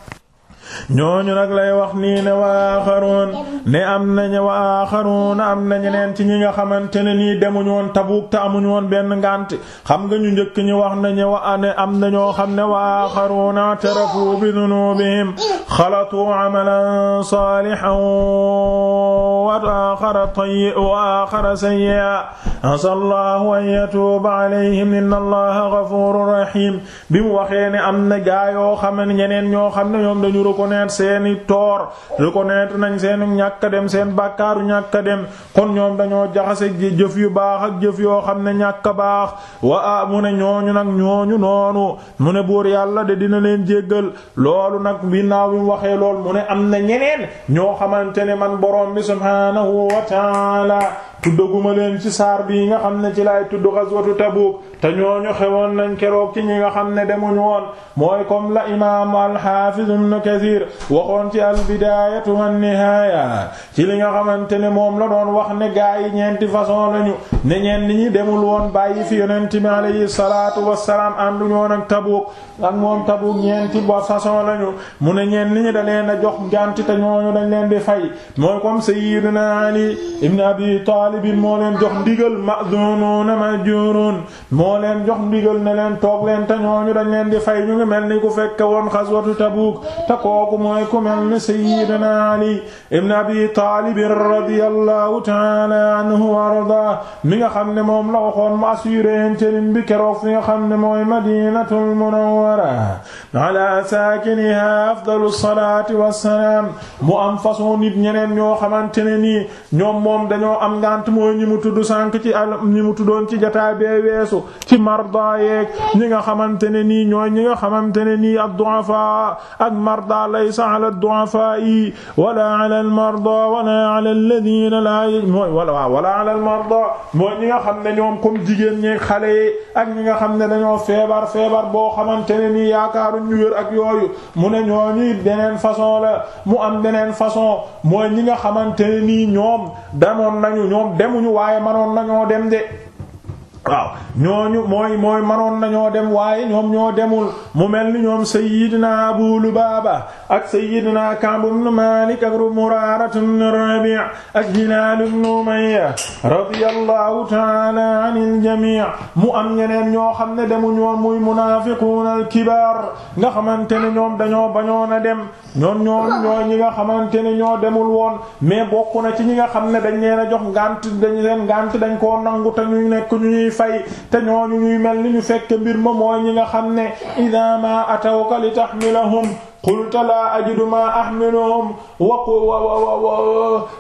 ñu nag lay wax nii ne wa axaroon ne am nañu wa axaroon am na ñeneen ci ñi nga xamante ne nii demuñu woon Tabuk te amuñu woon benn ngànt xam nga ñu njëkk ñi wax nañu wa ane am na ñoo xam ne wa axaroona tarafu bi dunubihim xalatu an yatuuba alayhim inna allaha ghafurur rahim bi mu waxee ne am na gaayoo xam ne ñeneen ñoo xam ne ñoom dañu reconnaître reconnaître seeni tort reconnaître nañ seeni ñàkka dem seen bàkkaaru ñàkka dem kon ñoom dañoo jaxase jëf yu baax ak jëf yoo xam ne ñàkka baax wa a ah, mu ne ñooñu nag ñooñu noonu mu ne buur yàlla de dina leen jéggal loolu nag ginnaaw bi mu waxee lool mu ne am na ñeneen ñoo xamante ne man borom bi subhaanahu wa tuddaguma leen ci saar bii nga xam ne ci laay tudd ghazwatu Tabuk te ñooñu xewoon nañ keroog ci ñi nga xam ne demuñu woon mooy comme la imaam al-Hafiz Ibn Kathir waxoon ci al-Bidayatu wan ci li nga xamante ne moom la doon wax ne gaa yi ñeenti façon lañu ne ñeen ñi demul woon bàyyi fi yonent bi alayhi salaatu wassalaam ànduñoon ak Tabuk ak moom tabu ñeenti ba façon lañu mu ne ñeen ni ñu da leen a jox nganti te ñooñu dañ di fay mooy comme sayyidina Ali ibn Abi Talib moo leen jox ndigal ma'zununa majurun moo leen jox ndigal ne leen toog leen te ñooñu dañ leen di fay ñu ngi mel ni ku fekke woon xaswatu Tabuk te kooku mooy ku mel ni sayyidina Ali ibn Abi Talib radiyallahu ta'ala anhu wa arda mi nga xam ne moom la waxoon mu assuré interim bi keroog fi nga xam ne mooy Madinatul Munawwara wara ala saakiniha afdalu salaati wassalaam mu am façon nit ñeneen ñoo xamante ne nii ñoom moom dañoo am ngant mooy ñi mu tudd sànq ci al ñi mu tuddoon ci jotaay bee weesu ci marda yeeg ñi nga xamante ne nii ñooy ñi nga xamante ne nii ad-du'afa ak marda laysa ala ad-du'afa yi wala ala al-marda wala ala alladhina la mooy wala wala ala al-marda mooy ñi nga xam ne ñoom comme jigéen ñeeg xale yi ak ñi nga xam ne dañoo feebar feebar boo xamante ne nii yaakaaru wér ak yooyu mu ne ñooñu beneen façon la mu am beneen façon mooy ñi nga xamante ne nii ñoom demoon nañu ñoom demuñu waaye manoon nañoo dem de waaw ñooñu mooy mooy manoon nañoo dem waaye ñoom ñoo demul mu mel ni ñoom sayyidina Abu Lubaba ak sayyidina Ka'b ibn Malik ak Murara ibn Rabi' ak Hilal ibn Umayya radiyallahu ta'ala anil jami' mu am ñeneen ñoo xam ne demuñu woon muy munafiqun al kibar nga xamante ne ñoom dañoo bañoon a dem ñoom ñoo ñoo ñi nga xamante ne ñoo demul woon mais bokk na ci ñi nga xam ne dañ leen a jox ngànt dañ leen ngànt dañ koo ñu ñuy fay te ñooñu ñuy mel ni ñu fekk mbir ma mooy ñi nga xam ne ida ma atawka li tahmilahum qulta la ajidu ma ahmiluhum wa wa wa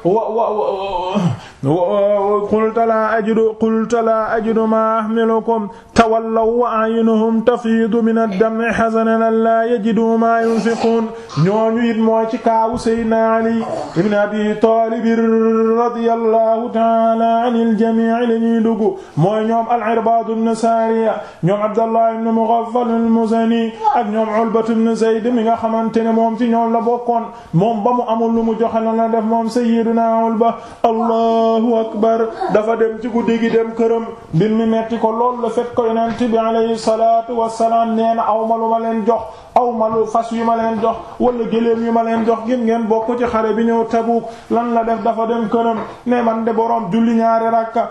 wa qulta laa ajidu qulta laa ajidu maa ahmilukum tawallaw wa a'yunuhum tafiidu min ad-dam'i hazanan allaa yajiduu maa yunfiquun ñooñu it mooy ci kaawu Seydina Ali ibn Abi Taalib radiyallahu ta'ala anil jamii' li ñuy dugg mooy ñoom al-Irbaad ibn Saariya ñoom Abdallah ibn Mughaffal al-Muzani ak ñoom Ulbat ibn Zayd mi nga xamante ne moom ci ñoom la bokkoon moom ba mu amul lu mu joxe la def moom Sayyidina Ulba Allah allahu akbar dafa dem ci guddi gi dem këram mbir mi metti ko lool la fekk ko yonent bi alayhi salaatu wassalaam nee na aw ma lu leen jox aw ma lu fas yu ma leen jox wala gëléem yu ma leen jox ngir ngeen bokk ci xare bi ñëw Tabuk lan la def dafa dem këram ne man de boroom julli ñaari rakka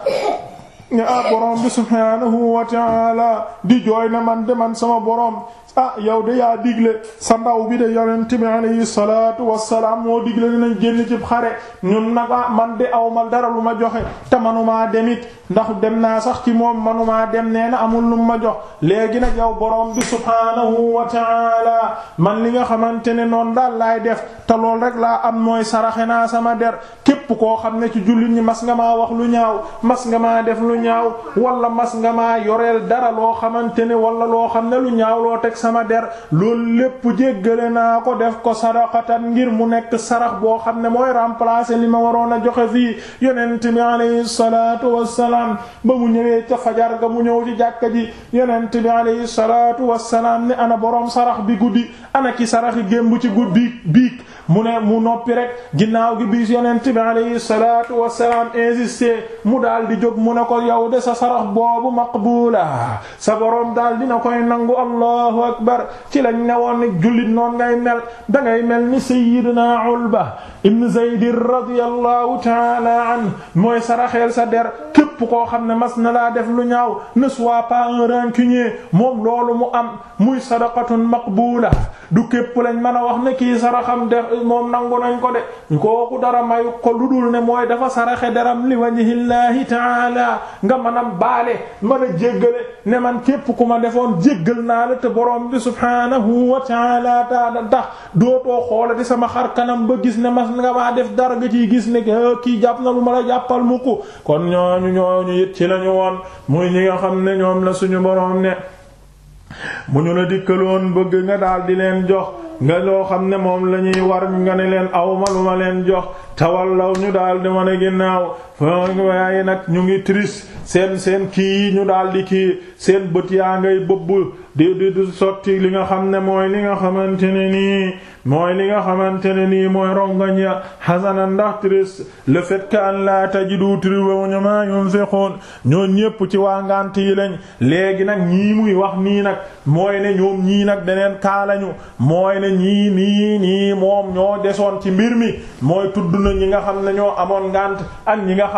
ne ah borom bi subhaanahu wa di jooy na man de man sama boroom ah yow de yaa digle sa ndaw bi de yonent bi alayhi salaatu wassalaam moo digle dinañ génn ci xare ñun na ah man de aw ma dara lu ma joxe te manumaa demit ndax dem naa sax ci moom manumaa dem ne na amul lum ma jox léegi nag yow borom bi subhaanahu wa taala man li nga xamante ne noon daal laay def te lool rek laa am mooy saraxe naa sama der képp koo xam ne ci jullit ñi mas nga maa wax lu ñaaw mas nga maa def lu ñaaw wala mas nga maa yoreel dara loo xamante ne wala sama der loolu lépp jéggale naa ko def ko sadaqatan ngir mu nekk sarax boo xam ne mooy remplacer li ma waroon a joxe fii yonent bi alayhi salaatu wassalaam ba mu ñëwee ca fajar ga mu ñëw ci jàkka ji yonent bi alayhi salaatu wassalaam ne ana borom sarax bi guddi ana ki saraxi gémb ci guddi biig mu ne mu noppi rek ginnaaw gi bis yonent bi alayhi salaatu wassalaam insisté mu daal di jóg mu ne ko yow de sa sarax boobu maqbula sa boroom daal dina koy nangu allahu akbar ci lañ newoon jullit noon ngay mel dangay mel ni sayyidina Ulba ibn Zayd radiyallahu ta'ala an mooy saraxeel sa der képp koo xam ne mas na laa def lu ñaaw ne sois pas un rancunier moom loolu mu am muy sadaqatun maqbula du képp lañ mën a wax ne kii saraxam def moom nangu nañ ko de kooku dara may ko lu dul ne mooy dafa saraxe daram li wajhillahi ta'ala nga mën a baale mën a ne man képp ku ma defoon jéggal naa la te borom bi subhanahu wa ta'ala tax dootoo xoolati sama xar kanam ba gis ne man nga maa def dara nga ciy gis ne ah, kii jàpp na lu ma la jàppal mukk kon ñooñu ñooñu ci lañu woon muy ñi nga xam ne ñoom la suñu boroom ne mu ñu la dikkaloon bëgg nga daal di leen jox nga loo xam ne moom la ñuy war nga ne leen awma lu ma leen jox tawallaw ñu daal di wane ginnaaw waaye nag ñu ngi triste seen seen kii yi ñu daal di kii seen bët yaa ngay bëbb di di sotti li nga xam ne mooy li nga xamante ne nii mooy li nga xamante ne nii mooy rongañ ya xasana ndax triste le an que an la tajidu triwuñu ma yunfiqun ñoo ñépp ci waangante yi lañ léegi nag ñii muy wax nii nag mooy ne ñoom ñii nag beneen kaa lañu mooy ne ñii nii nii moom ñoo desoon ci mbir mi mooy tudd na ñi nga xam ne ñoo amoon ngànt ak ñi nga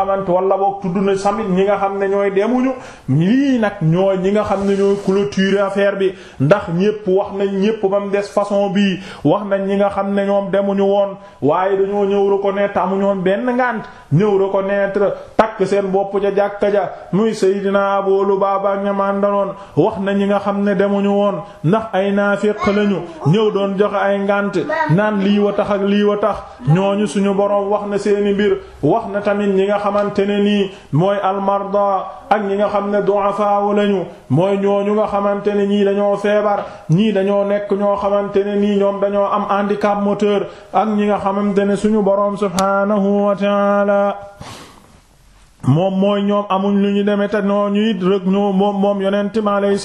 ñi nga xam ne ñooy demuñu lii nag ñooy ñi nga xam ne ñooy clôturer affaire bi ndax ñépp wax nañ ñépp ba des façon bii wax nañ ñi nga xam ne ñoom demuñu woon waaye dañoo ñëw reconnaître amu ñoom benn ngànt ñëw reconnaître takk seen bopp ja jàkka ja muy Seydina Abu Lubaba ñamaan danoon wax na ñi nga xam ne demuñu woon ndax ay naafiq lañu ñëw doon joxe ay ngànt naan lii wa tax ak lii wa tax ñooñu suñu borom boroom wax na seeni mbir wax na tamit ñi nga xamante ne nii mooy almarda ak ñi nga xam ne du'afa lañu mooy ñooñu nga xamante ne ñii dañoo feebar ñii dañoo nekk ñoo xamante ne nii ñoom dañoo am handicap moteur ak ñi nga xamante ne suñu boroom subhaanahu wa moom mooy ñoom amuñ lu ñu demee te ñoo ñuy rek moom moom yonent ma lay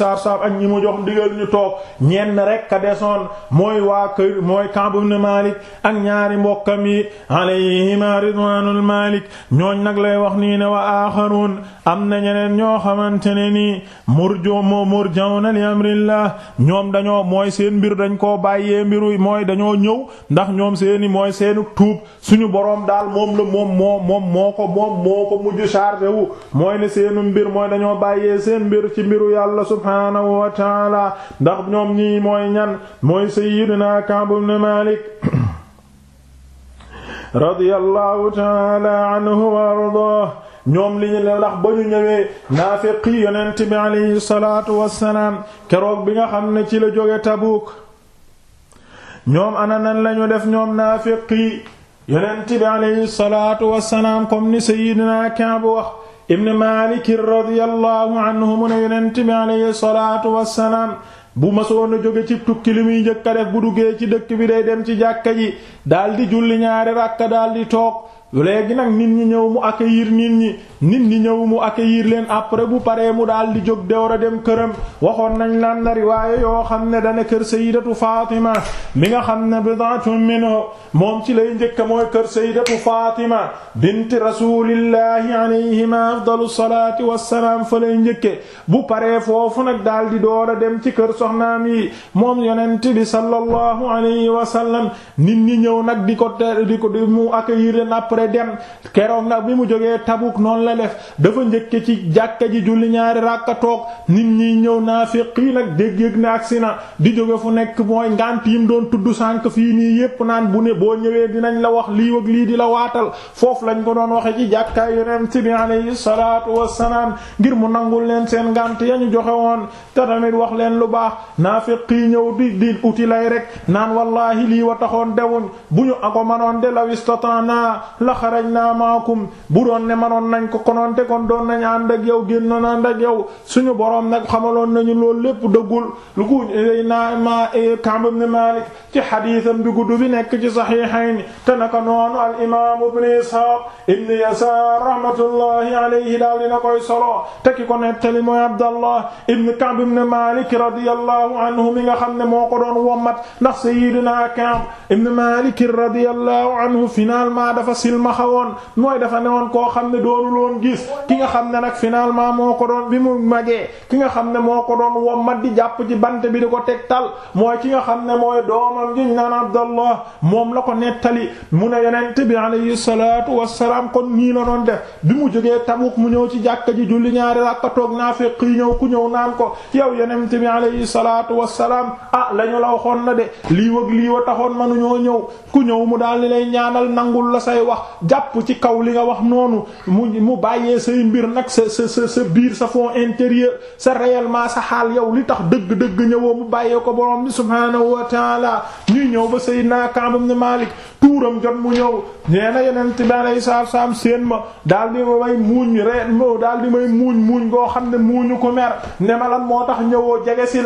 ak ñi mu jox ñu toog ñenn rek ka desoon mooy waa mooy Kaab ibn Malik ak ñaari mbokkam yi alayhima ridwanul Malik ñooñ nag lay wax nii ne wa axarun am na ñeneen ñoo xamante ne nii murjo moo murjawna li amrillah ñoom dañoo mooy seen mbir dañ koo bàyyee mbiru mooy dañoo ñëw ndax ñoom seeni mooy seenu tuub suñu moom moom moo ko moom moo ko mujj chargé wu mooy ne seenu mbir mooy dañoo bàyyee seen mbir ci mbiru yàlla subhaanahu wa taala ndax ñoom ñii mooy ñan mooy sayyidina Ka'b ibn Malik [COUGHS] radiyallahu taala wa ardaah ñoom li ñu leen ba ñu ñëwee naafeqi yonent bi alayhi salaatu wassalaam keroog bi nga xam ne ci la jóge Tabuk ñoom ana nan lañu def ñoom naafeqi yonent bi aleyhi salaatu wassalaam comme ni sayyidina bu wax ibn Maalik radiyallahu anhu mu ne yonent bi aleyhi salaatu wassalaam bu masoon a jóge ci tukki li muy njëkk a bu duggee ci dëkk bi day dem ci jàkka ji daldi julli ñaari ràkka daldi toog léegi nag nit ñi ñëw mu accueillir nit ñi nit ñi ñëw mu accueillir leen après bu paree mu daal di jóg dewar a dem këram waxoon nañ laan na riwaaye yoo xam ne dana kër sayyidatu Fatima mi nga xam ne bidatun minhu moom ci lay njëkk mooy kër sayyidatu Fatima binti rasulillahi alayhima afdalu salaati wassalaam fa lay njëkke bu paree foofu nag daal di door a dem ci kër soxnaam yi moom yonent bi sallallahu alayhi wa nit ñi ñëw nag di ko di ko mu accueillir leen après après dem keroog nag bi mu jógee Tabuk noonu la def dafa njëkke ci jàkka ji julli ñaari ràkka nit ñi ñëw naafiq yi nag dégg-yëg na agsi na di jóge fu nekk mooy ngànt yim doon tudd sànk fii nii yépp naan bu ne boo ñëwee dinañ la wax lii ak lii di la waatal foofu lañ ko doon waxe ci jàkkaay yonent bi alayhi salaatu wassalaam ngir mu nangul leen seen ngànt ya ñu joxe woon te tamit wax leen lu baax naafiq yi ñëw di di uti lay rek naan wallahi lii wa taxoon la xarajnaa maakum bu doon ne manoon nañ ko kononte kon doon nañ ànd ak yow génnoon ànd ak yow suñu boroom nag xamaloon nañu loolu lépp dëggul lu ko naa ma e, Ka'b ibn Malik ci xadiisam bi gudd bi nekk ci saxiixayni te naka noonu al imaam ibn Isxaaq ibn Yasaar rahmatullahi alayhi daal dina koy solo te ki ko nettali mooy Abdallah ibn Ka'b ibn Malik radiyallahu anhu mi nga xam ne moo ko doon wommat ndax sayyidina Ka'b ibn Malik radiyallahu anhu finalement dafa silmaxa woon mooy ne newoon koo xam ne doonul woon gis ki nga xam ne nag finalement moo ko doon bi mu magee ki nga xam ne moo ko doon ma di jàpp ci bant bi di ko tegtal mooy ki nga xam ne mooy doomam ji naan Abdallah moom la ko nettali mu ne yonent bi alayhi salaatu wassalaam kon nii la doon def bi mu jógee Tabuk mu ñëw ci jàkka ji julli ñaari rakka toog naafiq yi ñëw ku ñëw naan ko yow yonent bi alayhi salaatu wassalaam ah lañu la waxoon na de lii wëg lii wa taxoon manuñoo ñëw ku ñëw mu daal di lay la say jàpp ci kaw li nga wax noonu mu mu bàyyee say mbir nag sa sa sa sa biir sa fond intérieur sa réellement sa xaal yow li tax dëgg-dëgg ñëwoo mu bàyyee ko borom bi subhaanahu wa taala ñuy ñëw ba Seydina Kaab ibn Malik tuuram jot mu ñëw nee na yeneen bi aleyhi salaatu salaam seen ma daal di may muuñ reen daal di may muuñ muuñ goo xam ne muuñu ko mer ne ma moo tax ñëwoo jegesil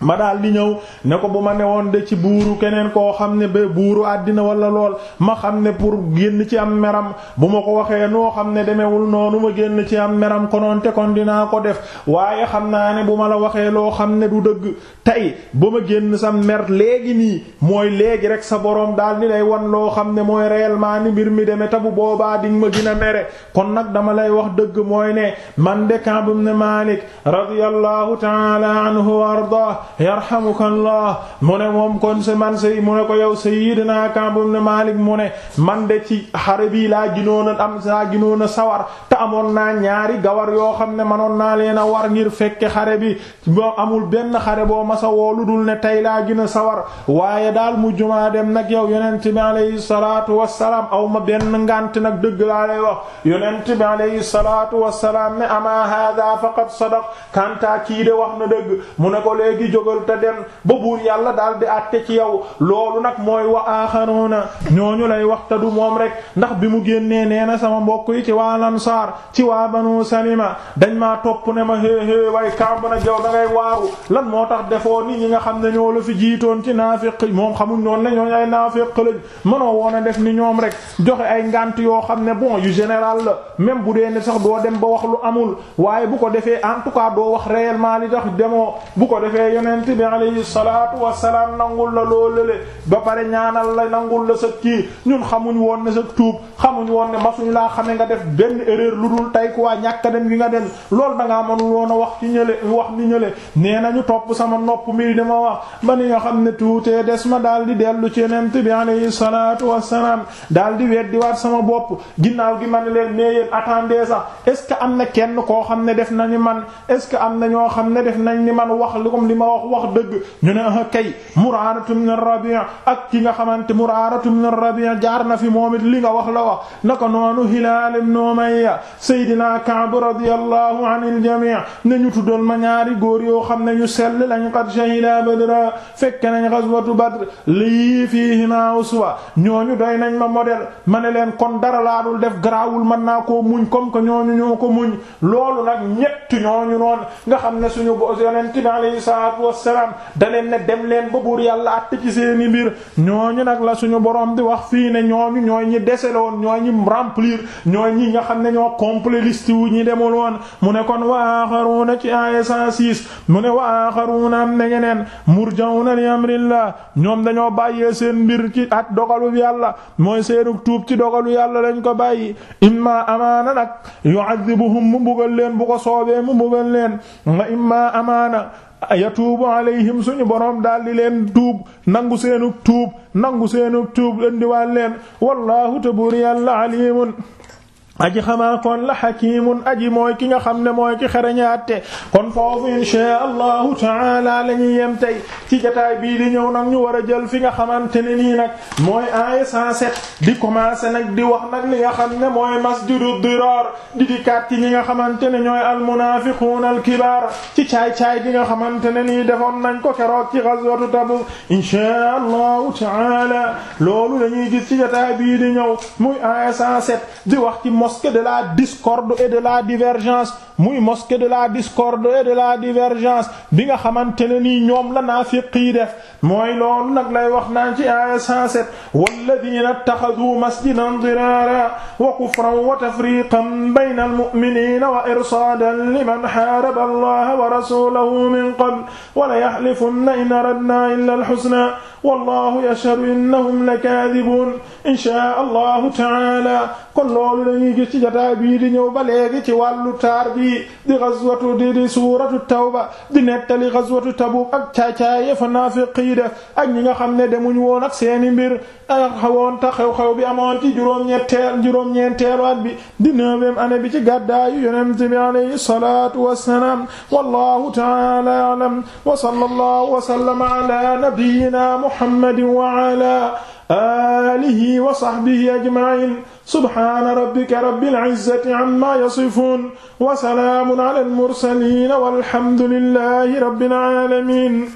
ma daal di ñëw ne ko bu ma newoon de ci buuru keneen koo xam ne ba buuru àddina wala lool ma xam ne pour génn ci am meram bu ma ko waxee noo xam ne demewul noonu ma génn ci am meram konoonte kon dinaa ko def waaye xam naa ne bu ma la waxee loo xam ne du dëgg tey ba ma génn sam mer léegi nii mooy léegi rek sa borom daal di lay wan loo xam ne mooy réellement ni mbir mi demee tabu boobaa di ma gën a mere kon nag dama lay wax dëgg mooy ne man de Ka'b ibn Malik radiyallahu ta'ala anhu wa arda yarhamukallah mu ne moom kon se man say mu ne ko yow sayyidina Ka'b ibn Malik mu ne man de ci xare bi laa ginoon a am laa ginoon a sawar te amoon naa ñaari gawar yoo xam ne manoon naa leen a war ngir fekke xare bi amul benn xare boo masa woolu dul ne tey laa gën sawar waaye daal mujj jumaa dem nag yow yonent bi alayhi salaatu wassalaam aw ma benn ngant nag dëgg laa lay wax yonent bi alayhi salaatu wassalaam ne ama hada faqad sadaq kanta jógal te dem ba buur yàlla daal di àtte ci yaw loolu nag mooy wa aaxaruuna ñooñu lay wax te du moom rek ndax bi mu génnee nee na sama mbokk yi ci waa Ansaar ci waa Banu ma dañ maa topp ne ma hee hee way kamb na jow da ngay lan moo tax defoo ni ñi nga xam ne ñoo fi jiitoon ci naafiq moom xamuñ noonu ne ñooñu ay naafiq lañ woon def ni ñoom rek joxe ay ngant yoo xam ne bon yu général la même bu dee ne sax doo dem ba wax lu amul waaye bu ko defee en doo wax réellement li tax demoo bu ko defee yeneen yonent bi alayhi salaatu wasalaam nangul la loo loolale ba pare ñaanal la nangul la sa kii ñun xamuñ woon ne sa tuub xamuñ woon ne masuñ laa xame nga def benn erreur lu dul tey quoi ñàkk a dem gi nga dem loolu da ngaa mënul woon a wax ci ñële wax ni ñu nee nañu topp sama nopp mi dama wax ba ni nga xam ne tuutee des ma daal di dellu ci yonent bi alayhi salaatu wasalaam daal di weddiwaat sama bopp ginnaaw gi man ne leen mais yéen attendez sax est-ce que am na kenn koo xam ne def na ni man est-ce que am na ñoo xam ne def nañ ni man wax li ma wax wax dëgg ñu ne ah kay Muraaratu ibn Rabi' ak ki nga xamante Muraaratu ibn Rabi' jaar na fi moom li nga wax la wax naka noonu Hilaal ibn Umayya Seydina Ka'b radiyallahu anil jamii' ne ñu tuddal ma ñaari góor yoo xam ne ñu sell lañ qad shahida Badra fekk nañ ghazwatu Badr lii fiihimaa uswa ñooñu doy nañ ma modèle ma ne leen kon dara laa dul def garaawul mën naa koo muñ comme que ñooñu ñoo ko muñ loolu nag ñett ñooñu noonu nga xam ne suñu bo yonent wassalaam da na dem leen ba buur yàlla àtte ci seeni mbir ñooñu nag la suñu boroom di wax fii ne ñooñu ñooy ñi desele woon ñooy ñi remplir ñooy ñi nga xam ne ñoo complet liste wu ñi demul woon mu ne kon wa axaruna ci aaya 106 mu ne wa axaruna am na ñeneen murjawna li amrillah ñoom dañoo bàyyee seen mbir ci at dogalu yàlla mooy seenu tuub ci dogalu yàlla lañ ko bàyyi imma amaana nag yu'adhibuhum mu mbugal leen bu ko soobee yatuubu alayhim suñu boroom daal di leen tuub nangu seenug tuub nangu seenug tuub indiwaat leen wallaahu te buur yàlla alimun aji xamaa kon la xakimun aji mooy ki nga xam ne mooy ki xereñaatte kon foofu inshaa allahu taala la ñuy yem tey ci jotaay bii di ñëw nag ñu war a jël fi nga xamante ne nii nag mooy aaya 107 di commencé nag di wax nag li nga xam ne mooy masjidu dirar di di kat ci ñi nga xamante ne ñooy almunafiquna alkibar ci caay-caay gi nga xamante ne nii defoon nañ ko keroog ci ghazwatu Tabuk inshaa allahu taala loolu la ñuy gis ci di ñëw muy aaya mosquée de la discorde et de la divergence muy mosquée de la discorde et de la divergence bi nga xamante ne nii ñoom la naafiq yi mooy loolu nag lay wax naan ci aaya 107 walladina ittaxaduu masjidan diraara wa kufran wa tafriqan bayna almuminina wa irsaadan liman xaaraba allaha wa rasulahu min qabl wa la yaxlifunna in aradna illa alxusna wallahu yashhadu innahum lakaadibuun inshaa allahu taala kon loolu dañuy gis ci jotaay bii di ñëw ba léegi ci wàllu taar bi di gazwatu di di suuratu tawba di nettali gazwatu Tabuuk ak caacaay fa naafiqi yi def ak ñi nga xam ne demuñu woon ak seeni mbir ak xawoon ta xew-xew bi amoon ci juróom-ñetteel juróom-ñeenteelu at bi di neuvième année bi ci gàddaayu yonent bi alayhi salaatu wassalaam wallahu ta'ala a'lam wa sallallahu wa sallama ala nabiyyina muhammadin wa ala alihi wa sahbihi ajma'in subhana rabbika rabbil izzati amma yasifun wa salamun ala al mursalin walhamdulillahi rabbil alamin